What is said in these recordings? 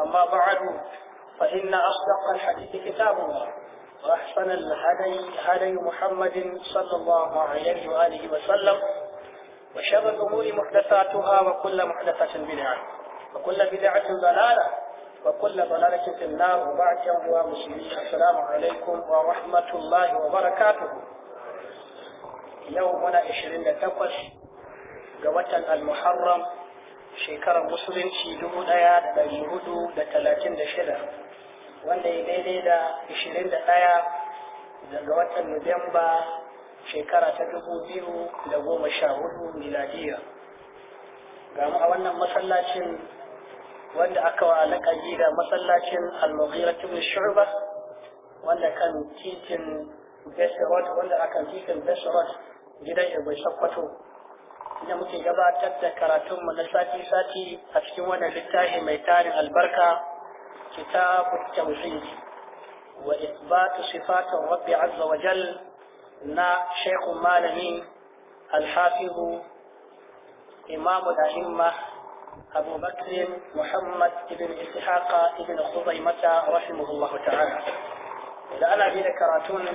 أما بعد فإن أصدق الحديث كتاب الله وأحسن الهدي هدي محمد صلى الله عليه وآله وسلم وشر الأمور محدثاتها وكل محدثة بدعة وكل بدعة ضلالة وكل ضلالة في النار وبعد يوم مسلمين السلام عليكم ورحمة الله وبركاته يومنا 28 ga المحرم shekarar musulunci dubu da talatin da shida wanda ya daidai da ishirin ɗaya daga watan nuwamba shekara ta dubu biyu da goma sha hudu miladiya ga mu a wannan masallacin wanda aka wa alaƙari da masallacin al-mughira ibn wanda kan titin Best wanda aka titin gidan Ibrahim shakwato da muke gabatar da karatun mu na sati-sati a cikin wannan littafi mai tarin albarka kitabu tawhid wa isbatu sifat rabbi azza wa jal na shaikhun malami al-hafiz imam da'imma abu bakr muhammad ibn ishaqa ibn khuzaimata rahimahullahu ta'ala da ana bi da karatun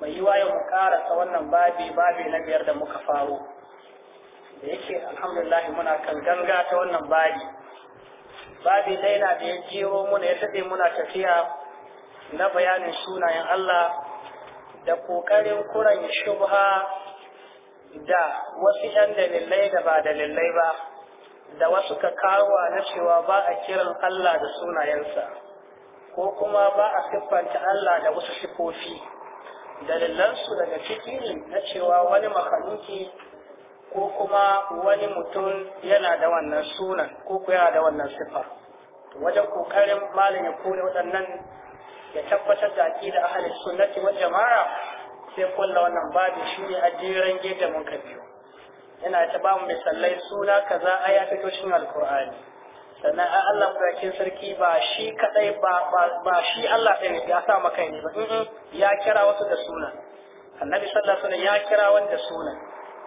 mai yiwa yau mu karasa wannan babi babi na biyar da muka faro da yake alhamdulillah muna kan ganga ta wannan babi babi na da ya jero muna ya taɓe muna tafiya na bayanin sunayen Allah da kokarin kuran shubha da wasu ‘yan dalilai da ba dalilai ba da wasu ka kawo na cewa ba a kiran Allah da sunayensa ko kuma ba a siffanta Allah da wasu sifofi dalilansu daga ciki na cewa wani makaluki ko kuma wani mutum yana da wannan sunan ko ku yana da wannan sifa wajen kokarin malam ya kore waɗannan ya tabbatar da aqida ahli sunnati wa jama'a sai kulla wannan babu shi ne ajiran gidan mun ka biyo yana ta ba mu misalai suna kaza aya ta cikin alqur'ani sannan Allah bakin sarki ba shi kadai ba ba shi Allah ɗaya ya sa maka ne ba ya kira wasu da suna annabi sallallahu alaihi wasallam ya kira wanda suna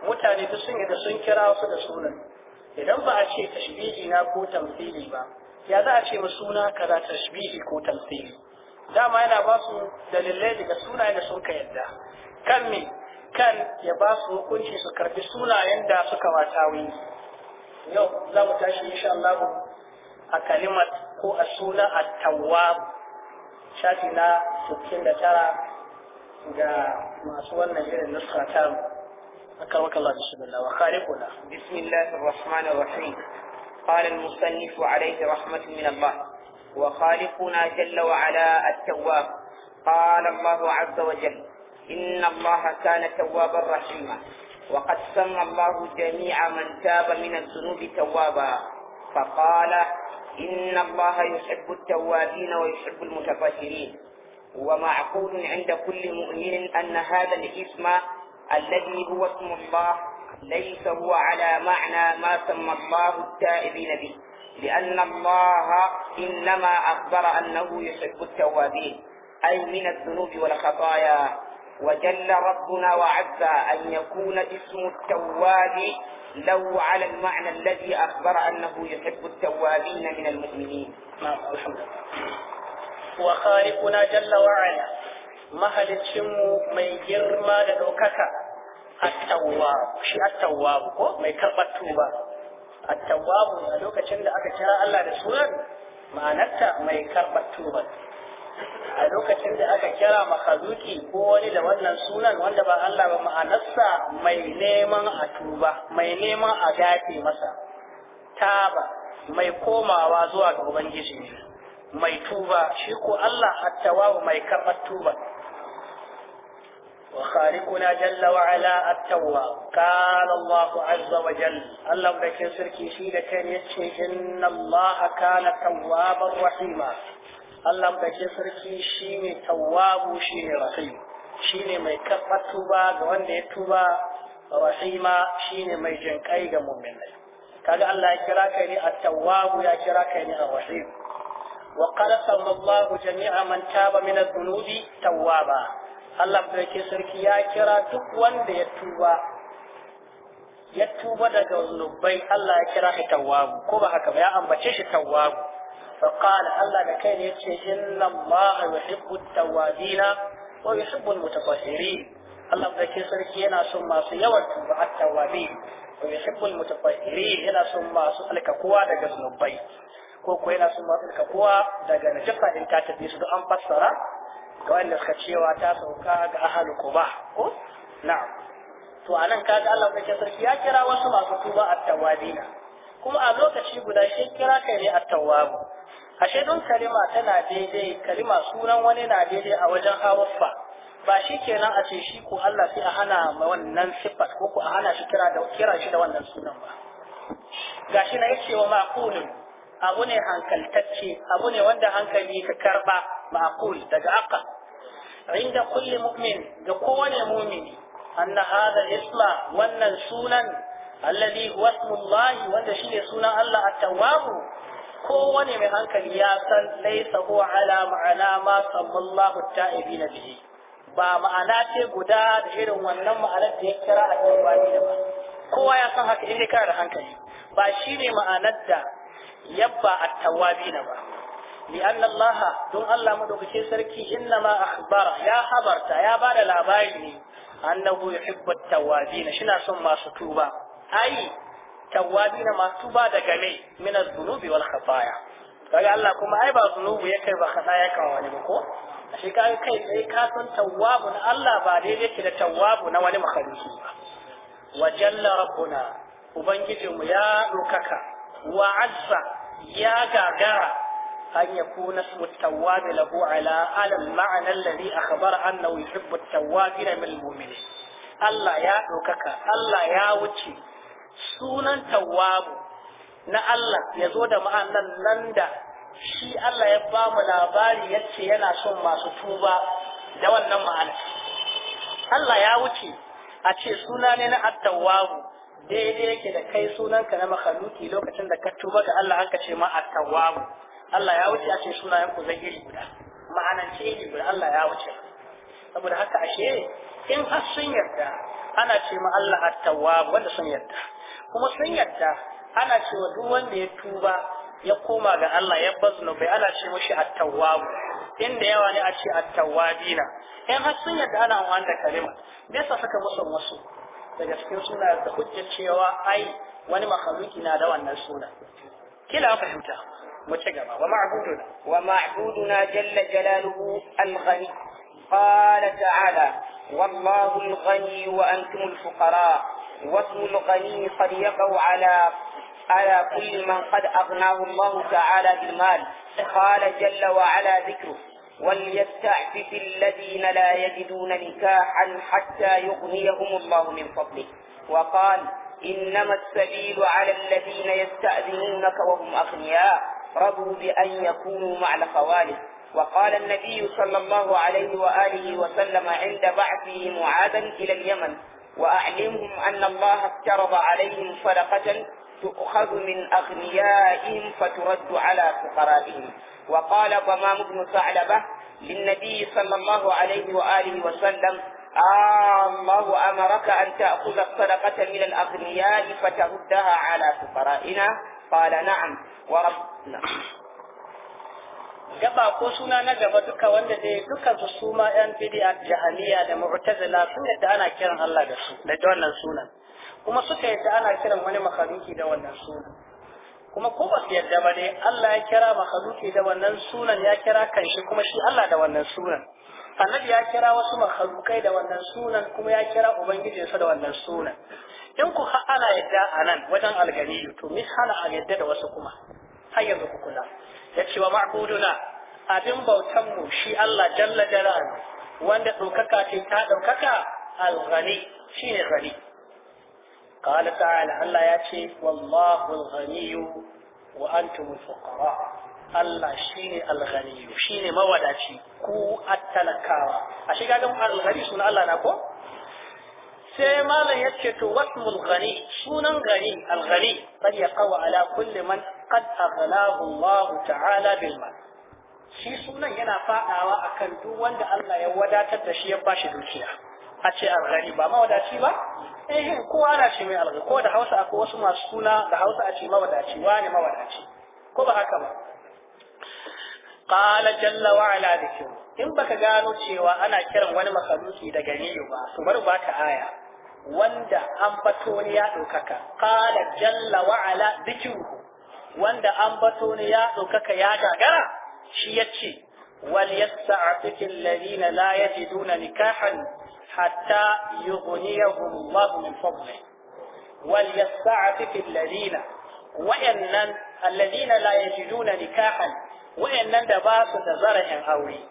mutane duk sun da sun kira su da sunan idan ba a ce tashbihi na ko tamthili ba ya za a ce ma suna kaza tashbihi ko tamthili dama yana ba su dalilai daga sunayen da sun ka yadda kan me kan ya ba su hukunci su karbi sunayen da suka wata wani yau za mu tashi insha Allah a kalimat ko a suna at-tawwab shafi na 69 ga masu wannan irin nuska أكرمك الله بسم الله وخالقنا بسم الله الرحمن الرحيم قال المصنف عليه رحمة من الله وخالقنا جل وعلا التواب قال الله عز وجل إن الله كان توابا رحيما وقد سمى الله جميع من تاب من الذنوب توابا فقال إن الله يحب التوابين ويحب المتفكرين ومعقول عند كل مؤمن أن هذا الاسم الذي هو اسم الله ليس هو على معنى ما سمى الله التائبين به لأن الله إنما أخبر أنه يحب التوابين أي من الذنوب والخطايا وجل ربنا وعز أن يكون اسم التواب لو على المعنى الذي أخبر أنه يحب التوابين من المؤمنين نعم، الحمد لله وخالقنا جل وعلا mahalicinmu mai girma da ɗaukaka attawa shi attawa ko mai karɓar tuba attawabu a lokacin da aka kira Allah da sunan ma'anarta mai karɓar tuba a lokacin da aka kira makazuki ko wani da wannan sunan wanda ba Allah ba ma'anarsa mai neman a tuba mai neman a gafe masa taba mai komawa zuwa ga ubangiji mai tuba shi ko Allah attawabu mai karɓar tuba وخالقنا جل وعلا التواب قال الله عز وجل الله بك سركي شيء كان إن الله كان توابا رحيما الله بك سركي شيء تواب شيء رحيم شيء ما يكفى التوبة وان يتوبا رحيما شيء ما يجنكاي مؤمنين قال الله يكراك يعني التواب يا يعني الرحيم وقال صلى الله جميع من تاب من الذنوب توابا Allah madaukakin sarki ya kira duk wanda ya tuba ya tuba daga zunubai Allah ya kira shi tawwabu ko ba haka ba ya ambace shi tawwabu fa qala Allah da kai ne yace inna Allah yuhibbu tawwabina wa yuhibbu almutatahhirin Allah madaukakin sarki yana son masu yawan tuba at-tawwabin wa yuhibbu almutatahhirin yana son masu alkakuwa daga zunubai ko ko yana son masu alkakuwa daga najasa in ta tafi su an fassara ga wanda suka cewa ta sauka ga ahalu kuba ko na'am to anan kaga Allah kake sarki ya kira wasu masu tuba at-tawabina kuma a lokaci guda shi kira kai ne at-tawwab ashe don kalima tana daidai kalima sunan wani na daidai a wajen hawaffa ba shi kenan a ce shi ko Allah sai a hana wannan sifat ko ko a hana shi kira da kira shi da wannan sunan ba gashi na yace wa maqulun abu ne hankaltacce abu ne wanda hankali ka karba ma'qul daga aqal inda kulli mu'min ga kowane mu'mini anna hadha isma wannan sunan alladhi huwa ismullahi wanda shine sunan Allah at-tawwab kowane mai hankali ya san laysa huwa ala ma'ana ma sallallahu at-ta'ibin bihi ba ma'ana guda da irin wannan ma'anar da ya kira a tawwabi da ba kowa ya san haka in kana da hankali ba shine ma'anar da yabba at-tawwabina ba لأن الله دون الله مدوكشين سركي إنما أخبر يا خبرت يا بعد الأبائي أنه يحب التوابين شنا ثم ستوبا أي توابين ما توبا دقمي من الذنوب والخطايا kaga Allah kuma ai ba zunubu ya kai ba kasa ya wani ba ko ka kai sai ka san tawwabu na Allah ba daidai yake da tawwabu na wani makhluki ba wa jalla rabbuna ubangijinmu ya dokaka wa azza ya gagara أن يكون اسم التواب له على على المعنى الذي أخبر أنه يحب التوابين من المؤمنين الله يا دوكك الله يا وجهي sunan tawabu na Allah ya zo da ma'anan nan da shi Allah ya ba mu labari ya ce yana son masu tuba da wannan Allah ya wuce a ce suna ne na attawabu daidai yake da kai sunanka na makhaluki lokacin da ka tuba ga Allah an ka ce ma attawabu Allah ya wuce a ce sunayen ku zai iri guda ma'anan ce iri guda Allah ya wuce saboda haka ashe in har sun yarda ana ce ma Allah at-tawwab wanda sun yarda kuma sun yarda ana ce wa duk wanda ya tuba ya koma ga Allah ya bazno bai ana ce mashi at-tawwab inda yawa ne a ce at-tawwabina in har sun yarda ana amfani da kalima me yasa suka musu wasu daga cikin suna da hujjar cewa ai wani makhluki na da wannan suna kila fahimta ومعبودنا ومعبودنا جل جلاله الغني قال تعالى والله الغني وأنتم الفقراء واسم الغني قد يقع على على كل من قد أغناه الله تعالى بالمال قال جل وعلا ذكره وليستعفف الذين لا يجدون نكاحا حتى يغنيهم الله من فضله وقال إنما السبيل على الذين يستأذنونك وهم أغنياء رضوا بأن يكونوا مع الخوارج وقال النبي صلى الله عليه وآله وسلم عند بعثه معادا إلى اليمن وأعلمهم أن الله افترض عليهم صدقة تؤخذ من أغنيائهم فترد على فقرائهم وقال ضمام بن ثعلبة للنبي صلى الله عليه وآله وسلم آه الله أمرك أن تأخذ الصدقة من الأغنياء فتردها على فقرائنا قال نعم وربنا gaba ko suna na gaba duka wanda dai duka su su ma yan bid'a jahiliya da mu'tazila sun yadda ana kiran Allah da su da wannan sunan kuma suka yadda ana kiran wani makhluki da wannan sunan kuma ko ba su yadda ba dai Allah ya kira makhluki da wannan sunan ya kira kanshi kuma shi Allah da wannan sunan annabi ya kira wasu makhlukai da wannan sunan kuma ya kira ubangijinsa da wannan sunan in ku har ana yadda a nan wajen alganiyu to mi hana a yadda da wasu kuma har yanzu ku kula ya ce wa ma'buduna abin bautanmu shi Allah jalla jalalu wanda ɗaukaka ce ta ɗaukaka alghani shine Gani. qala ta'ala Allah ya ce wallahu alghaniyu wa antum alfuqara Allah shine alghaniyu shine mawadaci ku talakawa. a shiga ga alghani suna Allah na ko sai malam ya ce to wasmul ghani sunan gani al-ghani qad yaqaw ala kulli man qad aghlahu Allah ta'ala bil mal shi sunan yana fadawa akan duk wanda Allah ya wadatar da shi ya bashi dukiya a ce al-ghani ba mawadaci ba eh kowa ana ce mai al ko da Hausa akwai wasu masu suna da Hausa a ce mawadaci wani mawadaci ko ba haka ba qala jalla wa ala dhikru in baka gano cewa ana kiran wani makhluki da ganiyu ba to bari baka aya wanda an bato ne ya ɗaukaka ƙala jalla wa'ala bikiru wanda an bato ne ya ɗaukaka ya gagara shi ya ce wal yasta'afiki alladhina la yajiduna nikahan hatta yughniyahum Allah min fadli wal yasta'afiki alladhina wa'annan alladhina la yajiduna nikahan wa'annan da ba su da zara'in aure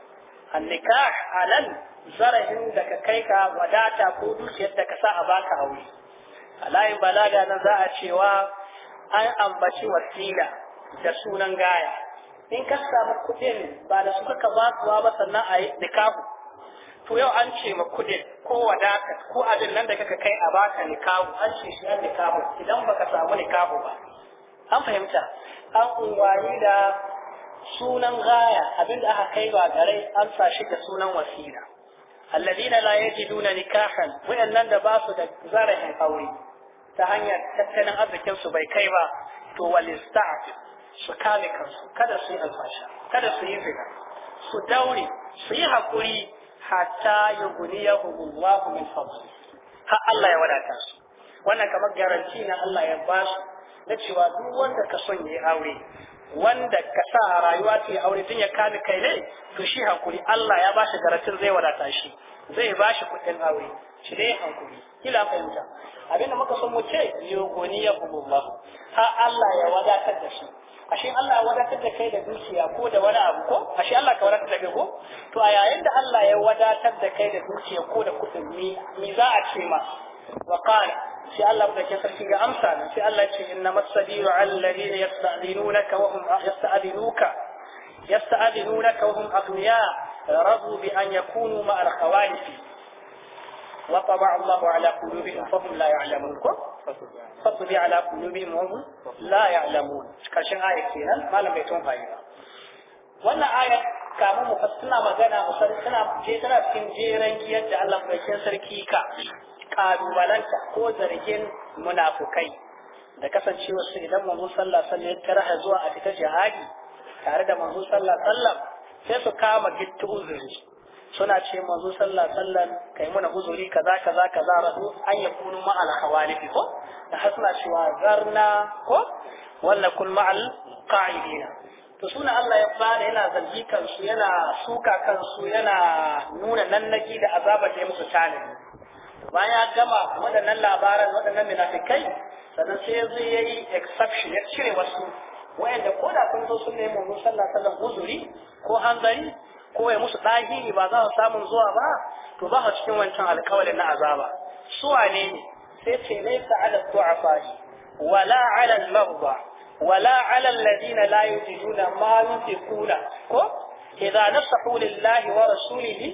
an nikah anan zarafin da ka kai ka wadata ko dukiyar da ka sa a baka aure a layin balaga nan za a cewa an ambaci wasila da sunan gaya in ka samu kudin ba da suka ka basuwa ba sannan a yi nikahu to yau an ce ma kudin ko wadata ko abin nan da kaka kai a baka nikahu an ce shi an nikahu idan baka samu nikahu ba an fahimta an unwani da sunan gaya abin da aka kai ba garai an sa shi da sunan wasila alladina la yajiduna nikahan Waɗannan da ba su da zarahin aure ta hanyar tattalin arzikinsu bai kai ba to walista'ati su kame kansu kada su yi alfasha kada su yi zina su daure su yi hakuri hatta yughniyahum Allah min fadli har Allah ya wadata su wannan kamar garanti na Allah ya ba na cewa duk wanda ka son yi aure wanda ka sa a rayuwa ta yi aure tun ya kani kai ne to shi hankuri Allah ya bashi garatin zai wadata shi zai bashi kuɗin aure shi dai hankuri kila fahimta abinda muka so mu ce yogoni ya Allah ha Allah ya wadatar da shi ashe Allah ya wadatar da kai da dukiya ko da wani abu ko ashe Allah ka wadatar da kai ko to a yayin da Allah ya wadatar da kai da dukiya ko da kuɗin ni za a ce ma wa qala في الله بدك يصرف في أمثال في الله شيء إنما السبيل على الذين يستأذنونك وهم يستأذنوك يستأذنونك وهم أغنياء رضوا بأن يكونوا مع الخوارج وطبع الله على قلوبهم فهم لا يعلمون فطبع على قلوبهم وهم لا يعلمون كاشن آية فينا ما لم يتون غيرها ولا آية kamu mu fassina magana mu san suna je tana cikin jeran giyar kalubalanta ko zargin munafukai da kasancewa su idan manzon sallah sallah ya tara zuwa a fita jihadi tare da manzon sallah sallah sai su kama gittu uzuri suna ce manzon sallah sallah kai muna uzuri kaza kaza kaza radu an ya kunu ma al khawalifi ko da hasna cewa zarna ko walla kun ma al qa'idina to suna Allah ya bada yana zargi kansu yana suka kansu yana nuna nannaki da azabar da ya musu tanadi bayan ya gama waɗannan labaran waɗannan munafikai sannan sai yanzu ya yi exception ya cire wasu wayanda ko da sun zo sun nemi mun sallah sallan uzuri ko hanzari ko ya musu ɗahiri ba za su samun zuwa ba to ba su cikin wancan alkawalin na azaba su wane ne sai ce laysa ala du'afa wala ala al-maghda wala ala alladhina la yujiduna ma yunfiquna ko idza nasahu lillahi wa rasulihi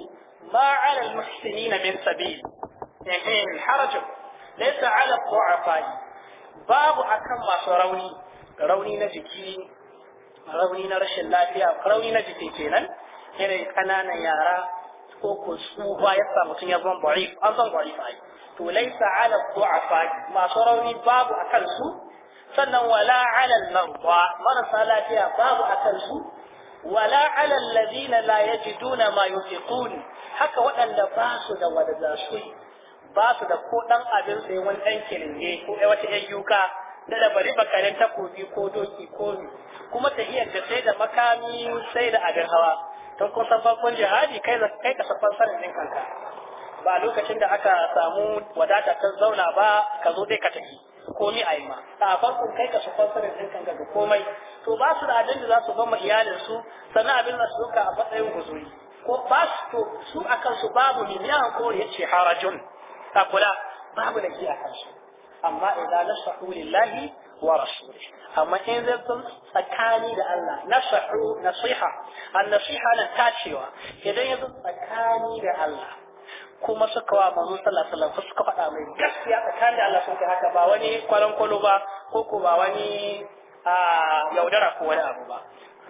ma ala al-muhsinina min sabil ehem harajin laysa ala du'afa babu akan masu rauni rauni na jiki rauni na rashin lafiya rauni na jiki kenan irin kananan yara ko ko tsufa ya sa mutum ya zama ba'if an san ba'if ai to laysa ala du'afa masu rauni babu akan su sannan wala ala al-marda marasa lafiya babu akan su wala ala alladhina la yajiduna ma yunfiqun haka waɗanda ba su da wanda za su yi ba su da ko dan abin sai wani dan kiringe ko ai wata yan yuka da da bari bakarin takobi ko doki ko kuma ta iya da sai da makami sai da abin hawa ta kusan san farkon jihadi kai kai ka safan sanin din kanka ba lokacin da aka samu wadata ta zauna ba ka zo dai ka tafi komi a yi ma a farkon kai ka safan sanin din kanka ga komai to ba su da abin da za su ba ma iyalin su sannan abin da su doka a matsayin guzuri ko ba su to su akan su babu miliyan ko ya ce harajun ka kula babu da ke a kansu amma idan na nasahu lillahi wa rasuli amma in zan sun tsakani da Allah nasahu nasiha an nasiha na tacewa idan ya tsakani da Allah kuma suka wa manzo sallallahu alaihi wasallam suka faɗa mai gaskiya tsakanin da Allah sun kai haka ba wani kwalankwalo ba ko ko ba wani a yaudara ko wani abu ba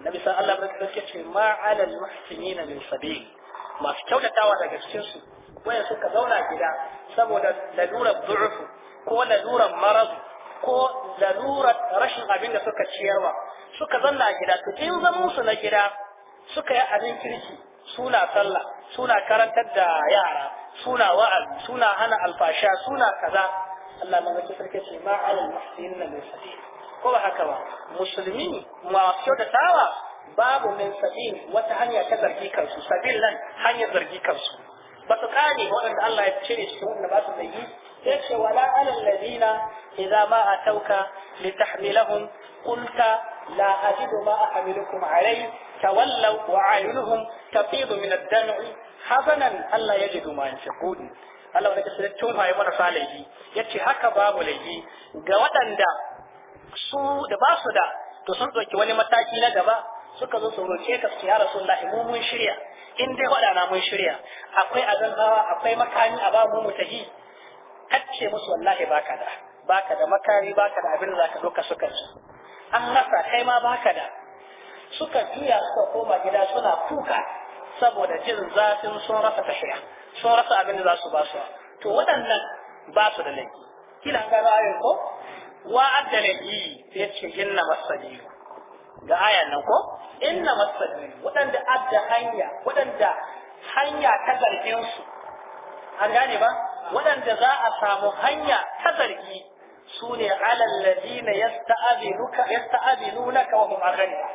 annabi sallallahu alaihi wasallam ya ce ma alal muhsinina min sabil masu kyautatawa daga cikin su waya suka zauna gida saboda lalurar du'ufu ko lalurar marazu ko lalurar rashin abin da suka ciyarwa suka zanna gida su in zaman su na gida suka yi abin kirki suna sallah suna karantar da yara suna wa'azi suna hana alfasha suna kaza Allah mazaki sarki ce ma alal muhsinin min sabil ko ba haka ba musulmi masu tawa babu min sabil wata hanya ta zargi kansu sabil nan hanyar zargi kansu ba su kane waɗanda Allah ya cire cikin wanda ba su da yi sai ce wala alal ladina idza ma atauka litahmilahum qulta la ajidu ma ahmilukum alai tawallaw wa ayunuhum tafidu min ad-dam'i hazanan Allah yajidu ma yanfiqun Allah wanda kace tun haye mana salahi yace haka babu laifi ga waɗanda su da ba su da to sun ɗauki wani mataki na gaba suka zo su roke ka su ya rasulullahi mu mun shirya in dai waɗana mun shirya akwai azanzawa akwai makami a babu mu tahi kacce musu wallahi baka da baka da makami baka da abin da zaka doka suka su an nasa kai ma baka da suka juya suka koma gida suna kuka saboda jin zafin sun rasa tashiya sun rasa abin da za su ba su to waɗannan ba su da laifi kila an gano ayin ko wa'ad da laifi sai ce inna masabiru ga aya nan ko inna masabi waɗanda adda hanya waɗanda hanya ta zargin su an gane ba waɗanda za a samu hanya ta zargi su ne alal ladina yasta'abinuka yasta'abinunaka wa hum aghniya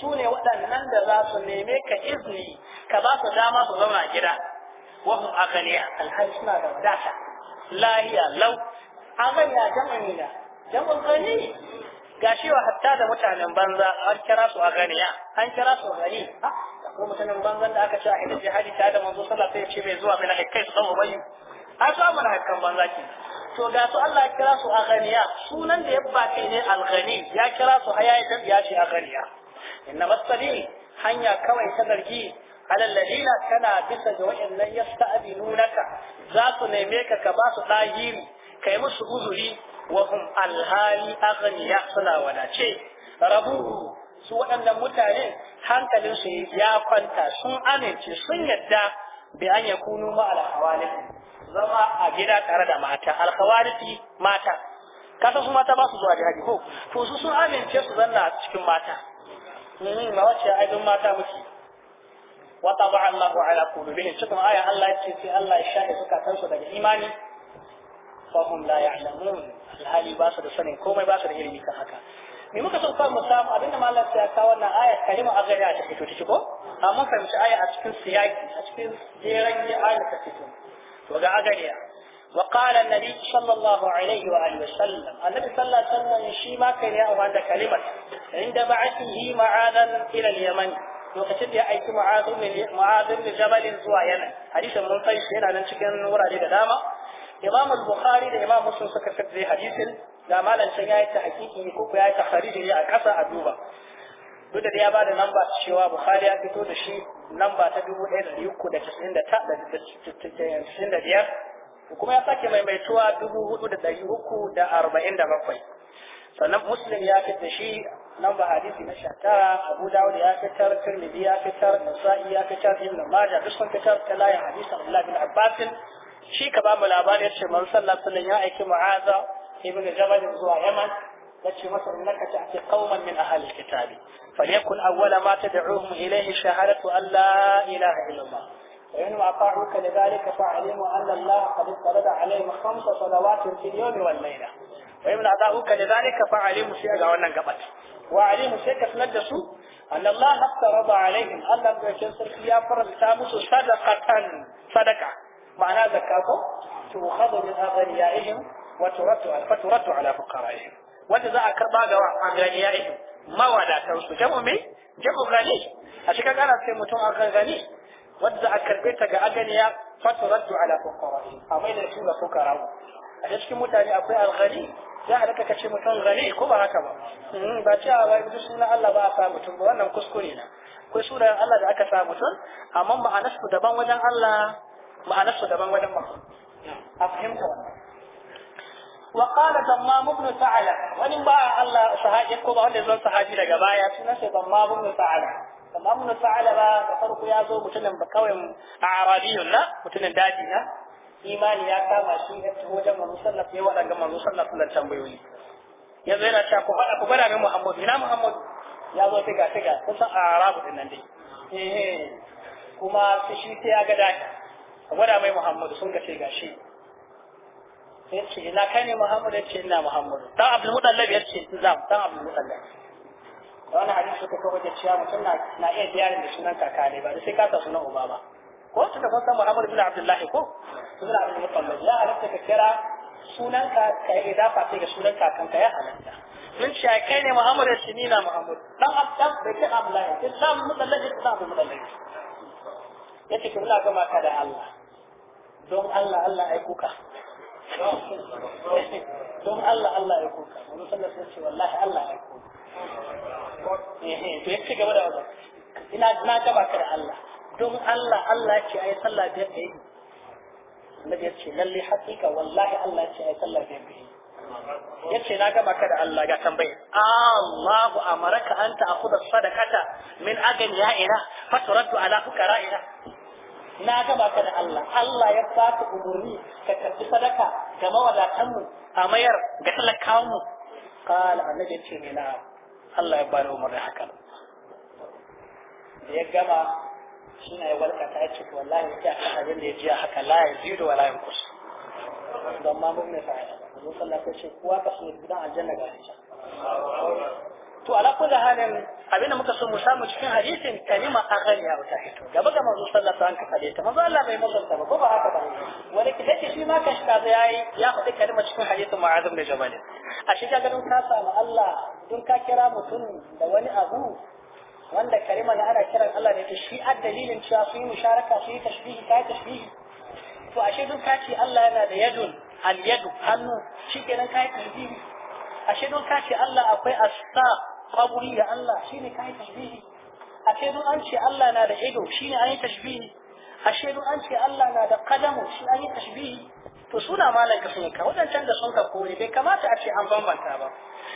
su ne waɗannan da za su neme ka izini ka ba su dama su zauna gida wa hum aghniya alhaji suna da wadata lahiya lau aghniya jam'ina jam'un ghani gashi wa hatta da mutanen banza an kira su a ganiya an kira su gani ko mutanen banzan da aka ce a inda jihadi ta da manzo sallah sai ce mai zuwa mina hakkai su san ubayi a su amana hakkan banza ke to ga su Allah ya kira su a ganiya sunan da ya baka ne al ya kira su haya ya ya ce a ganiya inna masali hanya kawai ta zargi alal ladina kana bisa ga wa'annan yasta'dinunaka za su neme ka ka ba su dahiri kai musu uzuri wa hum alhali aghniya suna wadace rabu su waɗannan mutane hankalinsu ya kwanta sun amince sun yadda bi an yakunu ma alhawali zama a gida tare da mata alhawali mata kasa su mata ba su zuwa jihadi ko to su sun amince su zanna cikin mata ma wacce aibin mata muke وطبع الله على قلوبهم شكم آية الله يتشفي الله الشاهد سكا تنسو دقى إيماني فهم لا يعلمون alhali ba su da sanin komai ba su da ilimi kan haka me muka so kawai mu samu abinda malam ya kawo wannan aya kalima a gari a ta fito ta ko amma fahimci aya a cikin siyaki a cikin jeran ya aya ta fito to ga agariya وقال النبي صلى الله عليه وآله وسلم النبي shi ma kai ne a كان يأوان Inda عند بعثه معاذا إلى اليمن lokacin da ya aiki ma'azin da jabalin zuwa yana hadisin mun sai yana nan cikin wurare da dama imam al-bukhari da imam muslim suka sirri hadisin da malan ya yi ta hakiki ko ya ta khariji ne a kasa a duba duk da ya bada namba cewa bukhari ya fito da shi namba ta 1395 kuma ya sake maimaituwa 4347 sannan muslim ya fitar shi namba hadisi na sha tara abu dawud ya fitar tirmidhi ya fitar nasa'i ya fitar ibn majah duk sun fitar ta layin hadisin abdullah bin abbas shi ka ba mu labarin ce man sallah sallan ya aiki mu'aza ibn jabal zuwa yaman yace masa innaka ta'ti qauman min ahli alkitab falyakun awwala ma tad'uhum ilayhi shahadatu an la ilaha illallah وإن أطاعوك لذلك فاعلموا أن الله قد افترض عليهم خمس صلوات في اليوم والليلة وإن أطاعوك لذلك فاعلموا شيئا وأنا قبل وعليهم شيئا تندسوا أن alayhi افترض عليهم أن الله يجنسر خيافر لتامس صدقة صدقة ma'ana zakka ko to khadu min aghniyaihim wa turatu fa turatu ala fuqaraihim wanda za a karba ga aghniyaihim mawadatan su jam'u me jam'u gani. a cikin kana sai mutum gani. wanda a karbe ta ga aganiya, fa turatu ala fuqaraihim amma idan su ga fuqara a cikin mutane akwai alghani za a raka kace mutum gani ko ba haka ba hmm, ba ce a ba duk sunan Allah ba a sa mutum ba wannan kuskure na akwai sunan Allah da aka sa mutum amma ma'anarsu daban wajen Allah ma'anarsa daban wajen masu a fahimta wannan وقال ضمام بن ثعلب wani ba Allah sahabi ko ba wanda zan sahabi daga baya sunan sai ضمام ta'ala. ثعلب ضمام ta'ala ba da farko ya zo mutumin ba kawai arabiyun na mutumin daji na imani ya kama shi ya taho wajen manzo sallallahu alaihi wa sallam manzo sallallahu alaihi Ya yanzu yana cewa ku faɗa ku gwada min Muhammadu ina Muhammadu ya zo tiga tiga kusan a arabu din nan dai eh, eh kuma shi sai ya ga daji ka gwada mai muhammadu sun ka gashi ya ce ina kai ne muhammadu ya ce ina muhammadu dan abdul mutallab ya ce zam dan abdul mutallab da wani hadisi suka kawo da cewa mutum na iya ziyarar da sunan kaka ne ba da sai kasa sunan uba ba ko su da kusan muhammadu bin abdullahi ko su bin abdul mutallab ya halatta ka kira sunan ka ka yi idafa sai ga sunan kakan ka ya halatta mun ce kai ne muhammadu ya ce ni na muhammadu dan abdul bai ce abdullahi sai sam mutallab ya ce abdul mutallab Yace ce muna gama ka da Allah don Allah Allah ya kuka don Allah Allah ya kuka wani sallar sun ce wallahi Allah ya kuka to ya ci gaba da wannan ina na gama ka da Allah don Allah Allah ce ayi sallah biyar da yi Annabi ya ce lalle haƙiƙa wallahi Allah ce ayi sallah biyar da yi ya ce na gama ka da Allah ga tambayi Allahu amaraka anta akhudha sadaqata min agan ya'ina faturaddu ala fuqara'ina na gaba ka da Allah Allah ya ka umarni ka karbi sadaka ga mawadatan mu a mayar ga talakawan mu qala annabi ce ne na Allah ya bada umarni haka da ya gama shi ne ya walka ta ce wallahi ya ce abin da ya ji haka la ya zidu wala ya kusa don ma mun ne fa'ida Allah sallallahu alaihi wasallam ya ce kuwa ka so gidan aljanna ga shi to ala kulli halin abin da muka so mu samu cikin hadisin kalima aghaniya ba ta fito gaba ga manzo sallallahu alaihi wasallam kade ta manzo Allah bai musulta ba ko ba haka ba wani ki kidace shi ma kashi kaza yayi ya faɗi kalima cikin hadisin mu'adh bin jabal a shi ka ganin ka samu Allah dun ka kira mutum da wani abu wanda kalima na ana kiran Allah ne to shi addalilin cewa su yi musharaka su yi tashbihi yi tashbihi to ashe dun ka ce Allah yana da yadun al yadu hannu shi kenan ka yi tashbihi ashe dun ka ce Allah akwai as baburi ga Allah shi shine kai tashbihi ashe don an ce Allah na da ido shine an yi tashbihi ashe don an ce Allah na da kadamu shi an yi tashbihi to suna malan ka sun ka wadancan da sun ka kore bai kamata a ce an bambanta ba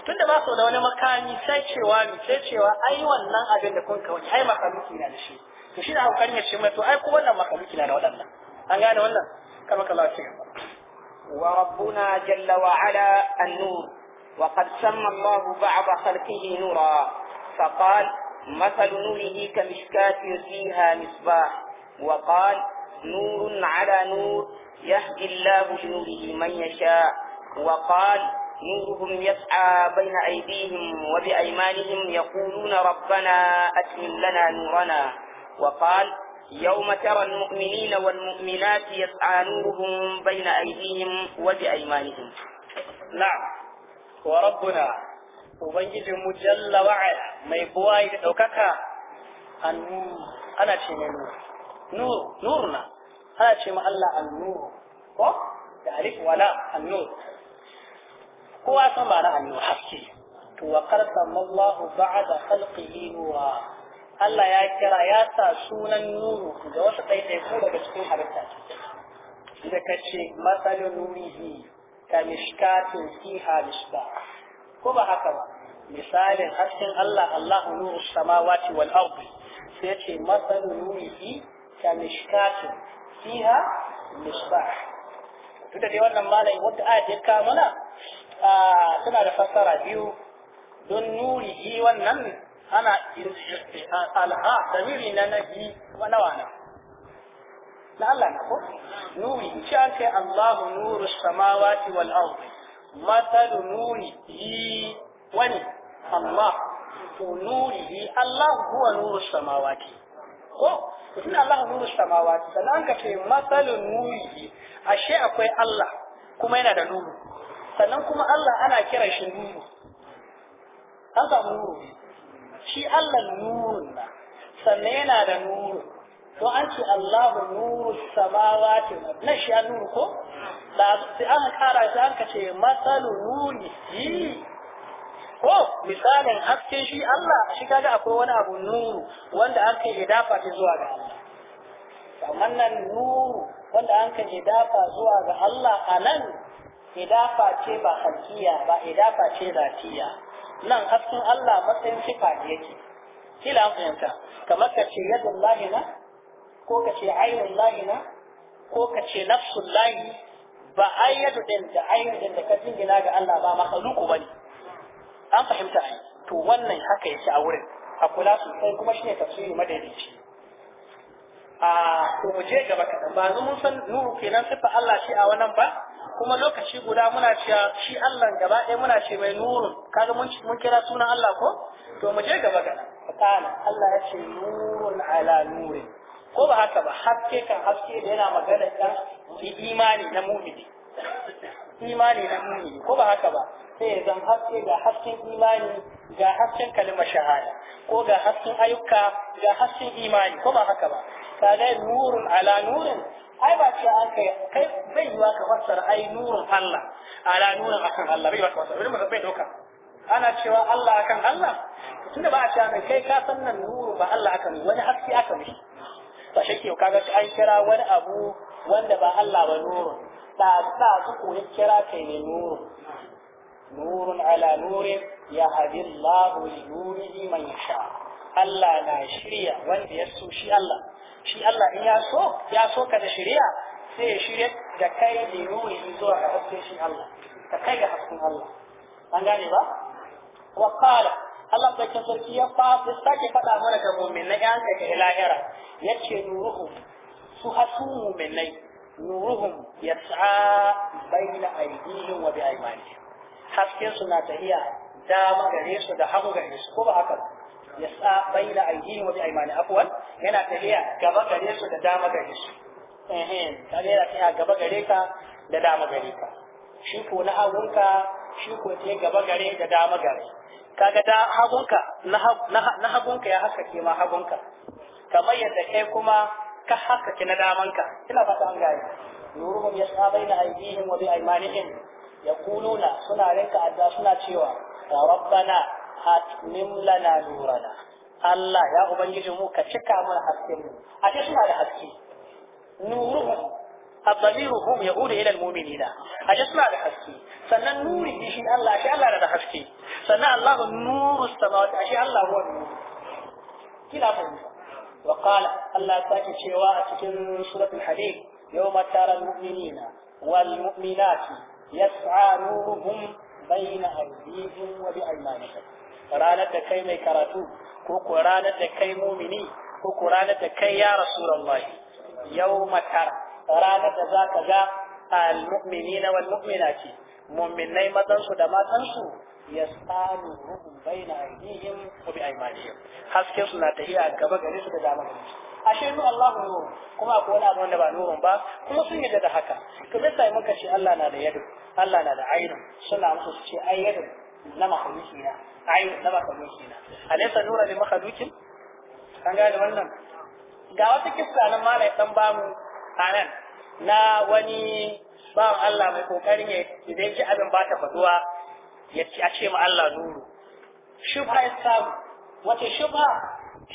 tunda ba su da wani makami sai cewa mi sai cewa ai wannan abin da kun kawai ai makaluki na da shi to shi da haukar ya ce mai to ai ko wannan makaluki na da waɗannan an gane wannan kama kala ce gaba وربنا جل وعلا النور وقد سمى الله بعض خلقه نورا فقال مثل نوره كمشكاة فيها مصباح وقال نور على نور يهدي الله لنوره من يشاء وقال نورهم يسعى بين أيديهم وبأيمانهم يقولون ربنا أتمن لنا نورنا وقال يوم ترى المؤمنين والمؤمنات يسعى نورهم بين أيديهم وبأيمانهم نعم wa rabbuna ubangijin mu jalla wa mai buwayi da daukaka annu ana ce mai nur nur nurna ana ce ma Allah annur ko da alif wala annur kowa san ba na annur haske to wa qarsama Allah ba'da khalqihi nura Allah ya kira ya sa sunan nuru da wasu ɗaiɗaiku daga cikin halitta da kace masalin nurihi ka mishkatin fiha misbah ko ba haka ba misalin hasken Allah Allahu nuru samawati wal ardi sai ce ka fiha duk da dai wannan malai wata aya da ka mana tana da fassara biyu don yi wannan ana alha damiri na nabi wa nawana na Allah na ko nuri ce an kai Allahu nuru samawati wal ardi matalu nurihi wani Allah to nurihi Allah huwa nuru samawati ko in Allah nuru samawati sannan an kace matalu nurihi ashe akwai Allah kuma yana da nuru sannan kuma Allah ana kiran shi nuru an samu nuru shi Allah nurun sannan yana da nuru to an ce Allahu nuru samawati na shi an nuru ko da sai an kara shi an kace masalu nuri yi ko misalin haske shi Allah shi kaga akwai wani abu nuru wanda an kai dafa ta zuwa ga Allah kamar nan nuru wanda an kai idafa zuwa ga Allah anan idafa ce ba hakiya ba idafa ce zatiya nan hasken Allah matsayin sifa yake kila an fahimta kamar ka ce yadda Allah na ko ka ce ainihin layi na ko ka ce nafsun lahi ba ayyadu din da ainihin da ka jingina ga Allah ba ba ne. an fahimta ai to wannan haka yake a wurin a kula sosai kuma shi ne tafsiri madaidaici a to mu je gaba kaɗan ba mun san nuru kenan sifa Allah shi a wannan ba kuma lokaci guda muna cewa shi Allah gaba ɗaya muna ce mai nurun kaga mun mun kira sunan Allah ko to mu je gaba kaɗan kana Allah ya ce nurun ala nurin ko ba haka ba haske kan haske da yana magana da imani na mumini imani na mumini ko ba haka ba sai zan haske ga hasken imani ga hasken kalmar shahada ko ga hasken ayyuka ga hasken imani ko ba haka ba kaga nurun ala nurin ai ba ce an kai kai bai yiwa ka fassara ai nurun Allah ala nurin akan Allah bai ba ka fassara bai bai doka ana cewa Allah akan Allah tunda ba a cewa kai ka san nan nuru ba Allah akan wani haske aka mishi ba shakki kaga an kira wani abu wanda ba Allah ba nuru da sa su koyi kira kai ne nuru nurun ala nuri ya hadi Allah li nurihi man yasha Allah na shirya wanda ya so shi Allah shi Allah in ya so ya so ka da shirya sai ya shirya da kai li nurihi zuwa ga hasken shi Allah ka kai ga hasken Allah an gane ba wa qala Allah bakin sarki ya su sake faɗa mana da mu'minai an ka lahira yace nuruhu su hasu mu'minai nuruhum yas'a baina aydihim wa bi aymanihim hasken su na tahiya dama gare su da hagu gare su ko ba haka yas'a baina aydihim wa bi aymanihim afwan yana tahiya gaba gare su da dama gare su eh eh kage yana tahiya gaba gare ka da dama gare ka shi ko na hagunka shi ko te gaba gare da dama gare kaga da hagunka na hagunka ya haskake ma hagunka kamar yadda kai kuma ka haskake na damanka ina fata an gane nuruhum yasqa baina aydihim wa bi ya kuluna suna rinka adda suna cewa rabbana atmim lana nurana Allah ya ubangiji mu ka cika mana hasken mu a ce suna da haske nuruhum الضميرهم يعود الى المؤمنين اجسنا ده حسكي سنن نوري شيء الله شاء الله ده haske. sannan Allahu nuru samawati ashe Allah huwa kila fahimta wa qala Allah ya sake cewa a cikin surat suratul hadid ma tara al-mu'minina wal mu'minati yas'a nuruhum baina aydihim wa bi aymanihim ranar da kai mai karatu ko ko ranar da kai mumini ko ko ranar da kai ya Yau ma tara ranar da zaka ga al-mu'minina wal mu'minati mu'minai mazan su da matan su yasaluhum baina aydihim wa bi aymanihim haske su na tahiya gaba gare su da dama gare su ashe nu Allahu nuru kuma akwai wani abu wanda ba nurun ba kuma sun yadda da haka to me sai muka ce Allah na da yadu Allah na da ainu suna musu su ce ayyadu na makhluqina ainu na makhluqina alaysa nura li makhluqin kan ga da wannan ga wata kissa na malai dan bamu anan na wani ba Allah mai kokarin ya idan ji abin ba ta faduwa ya ce a ce ma Allah nuru shubha ya samu wace shubha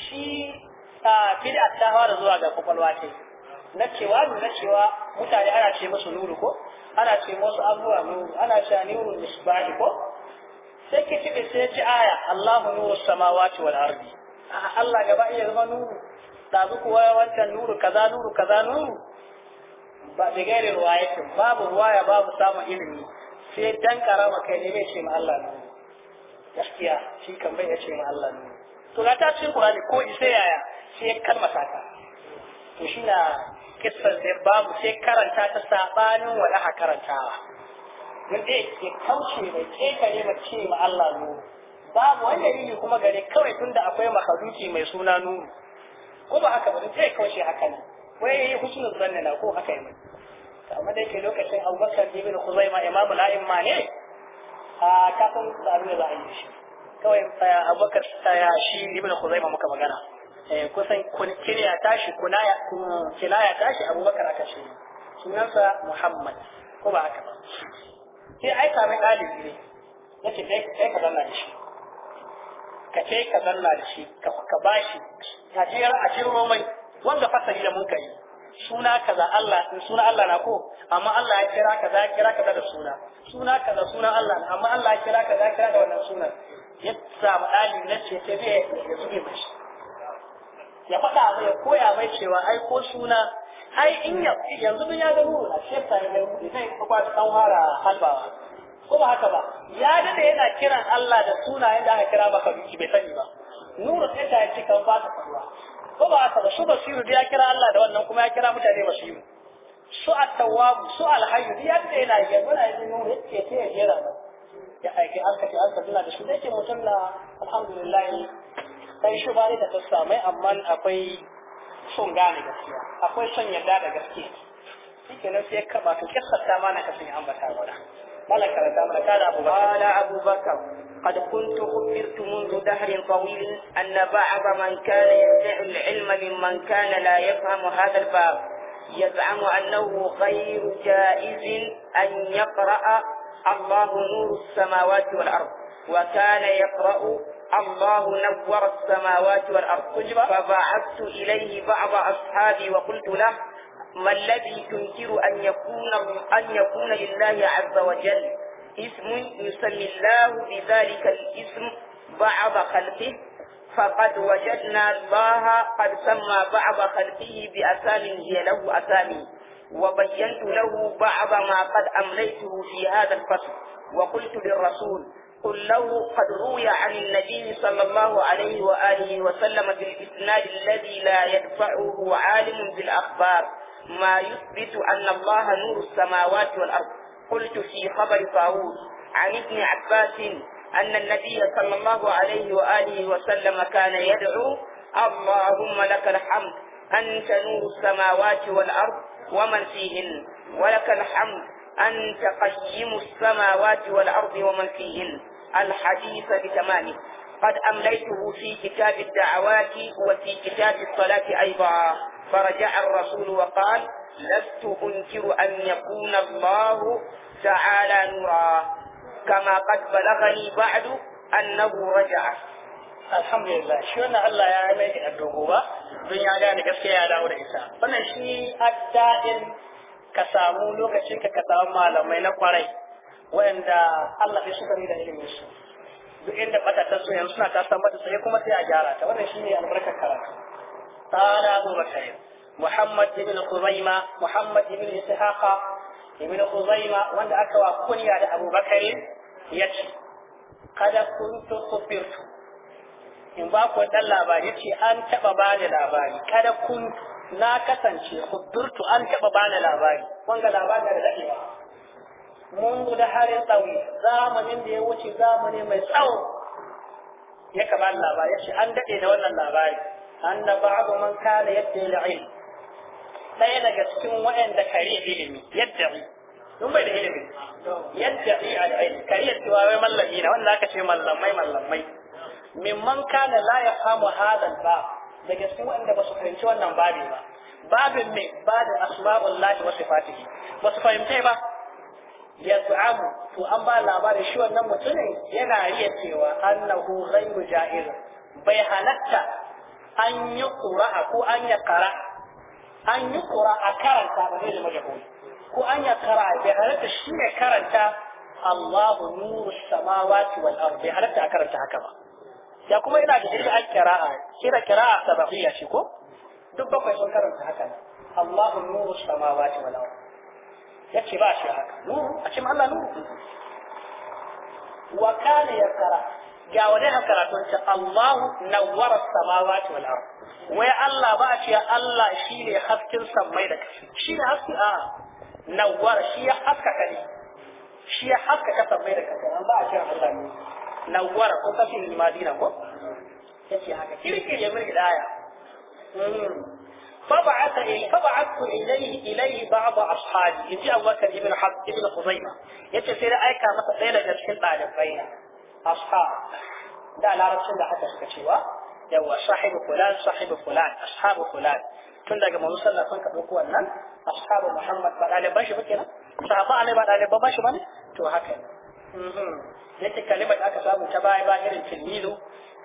shi a da ta da zuwa ga kwakwalwa ce na cewa na cewa mutane ana ce musu nuru ko ana ce musu abubuwa nuru ana ce nuru da shubha ko sai ke tibe sai ci aya Allahu nuru samawati wal ardi Allah gaba iya zama nuru dazu kuwa wancan nuru kaza nuru kaza nuru ba da gaire ruwayatin babu ruwaya babu samun ilimi sai dan karama kai ne mai ce ma Allah ne gaskiya shi kan bai ya ce ma Allah ne to na ta cikin Qur'ani ko isa yaya sai ya kalma saka to shi na kissan da babu sai karanta ta sabanin wani a karantawa mun dai ke kauce mai kare ma ce ma Allah ne babu wanda dalili kuma gare kawai tunda akwai makaduki mai suna nuru ko ba haka ba sai kauce haka ne wai husnul zanna ko haka yi amma da yake lokacin abubakar ibn khuzaima imamul a'imma ne a kafin da abin da za a yi shi kawai eh, abubakar ya shi ibn khuzaima muka magana eh, kusan ya tashi kunaya ya tashi abubakar aka shi sunansa muhammad ko ba haka ba sai ai mai ɗalibi ne ce kai ka zanna da shi ka ce ka zanna da shi ka ba shi ka a jiro mai wanda fasari da mun ka yi. suna kaza Allah suna Allah na ko amma Allah ya kira kaza ya kira kaza da suna suna kaza suna Allah amma Allah ya kira kaza ya kira da wannan sunan ya samu ɗali na ce sai zai ya zube mashi ya faɗa mai ya koya mai cewa ai ko suna ai in ya yanzu bin ya ga ruhu na shi sai mai ruhu zai kuma ta dan fara halbawa ko ba haka ba ya dade yana kiran Allah da suna yadda aka kira maka biki bai sani ba nuru sai ta yi cikin ba ta faruwa ko ba haka su basiru da ya kira Allah da wannan kuma ya kira mutane basiru su at-tawwab su al-hayy da ya yana yi yana yi nuru yake ce ya jira ya aiki an kace an kace da shi yake mutum na alhamdulillah Kai shi bari da tsasa mai amma akwai son gane gaskiya akwai son yarda da gaskiya shike nan sai ka ba to kissa ta ma na kasan ambata mana malaka da ta da abubakar. قد كنت خبرت منذ دهر طويل أن بعض من كان يدع العلم ممن كان لا يفهم هذا الباب يزعم أنه غير جائز أن يقرأ الله نور السماوات والأرض وكان يقرأ الله نور السماوات والأرض فبعثت إليه بعض أصحابي وقلت له ما الذي تنكر أن يكون أن يكون لله عز وجل اسم يسمي الله بذلك الاسم بعض خلقه فقد وجدنا الله قد سمى بعض خلقه بأسام هي له أسامي وبينت له بعض ما قد أمليته في هذا الفصل وقلت للرسول قل له قد روي عن النبي صلى الله عليه وآله وسلم بالإسناد الذي لا يدفعه عالم بالأخبار ما يثبت أن الله نور السماوات والأرض قلت في خبر طاووس عن ابن عباس أن النبي صلى الله عليه وآله وسلم كان يدعو اللهم لك الحمد أنت نور السماوات والأرض ومن فيهن ولك الحمد أنت قيم السماوات والأرض ومن فيهن الحديث بتمامه قد أمليته في كتاب الدعوات وفي كتاب الصلاة أيضا فرجع الرسول وقال لست أنكر أن يكون الله تعالى نورا كما قد بلغني بعد أنه رجع alhamdulillah shi wannan Allah ya mai da dogo ba don ya gane gaskiya ya dawo da ita wannan shi addadin ka samu lokacin ka samu malamai na kwarai wanda Allah ya suka da ilimin su duk inda bata ta so yanzu suna ta san mata sai kuma sai a gyara ta wannan shine albarka karatu قال أبو بكر محمد بن خزيمة محمد بن إسحاق بن خزيمة وأن أكوى كنيا أبو بكر يتي قد كنت خبرت in ba ku dan labari ce an taɓa ba da labari kada kun na kasance hudurtu an taɓa ba da labari wanga labari da dadewa mun guda harin tsawi zamanin da ya wuce zamani mai tsawo ya kaba labari ya ce an daɗe da wannan labari anna ba'd man kana yadda ilmi sai daga cikin waɗanda kare ilimi ilimi yadda ilmi kare cewa wai na wanda aka ce mallamai mallamai mimman kana la hadal ba daga cikin waɗanda ba su fahimci wannan babi ba babin mai babin asma'ullahi wa sifatihi ba su fahimce ba ya tsamu to an ba labarin shi wannan mutumin yana iya cewa annahu ghairu ja'ir bai halatta an yi ƙura'a ko an yi kara an yi ƙura a karanta ba zai zama jaholi ko an yi kara ya halatta shi ne karanta Allahu nuru samawati wal ard bai halatta a karanta haka ba ya kuma ina da irin an kira'a kira kira'a sabahiyya shi ko duk bakwai sun karanta haka ne. Allahu nuru samawati wal ard yace ba shi haka nuru a cikin Allah nuru wa kana yakara جاوله كراتون الله نور السماوات والارض ويا الله باش يا الله شيني حفك السماي لك شيني حفك اه نور شي حفك كني شي حفك كسماي لك انا باش الله نور وكفي المدينه كو تشي هكا كيري يمرك الايه فبعث إلي فبعثت إليه إليه بعض أصحابي يجي أول كريم ابن حزم ابن خزيمة يجي سير أي كان مثلا ليلة جسكين طالب بينه ashab da larabcin da haka suka cewa yawa sahibu fulan sahibu fulan ashabu fulan tun daga manzo sallah alaihi wasallam ka wannan ashabu muhammad ba daliban bashi ba kenan sahaba ne ba daliban ba shi bane to haka ne ta kalimar da aka samu ta baya ba irin tilmilu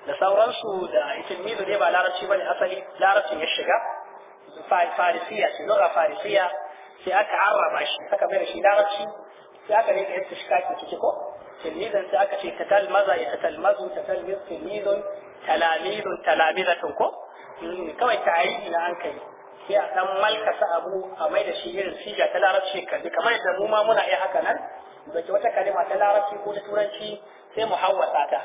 da sauransu da tilmilu ne ba larabci bane asali larabcin ya shiga farisiya ce lura farisiya sai aka arraba shi aka bai shi larabci sai aka rinka yadda shi kake ciki ko tilmizan sai aka ce tatal maza ya tatal mazu tatal mis tilmizun talamizun talamizatun ko hmm, kawai ta'ayi na an kai sai a dan malkasa abu a mai da shi irin siga ta larabci kaji kamar yadda mu ma muna iya haka nan zaki wata kalima ta larabci ko ta turanci sai mu hawwasa ta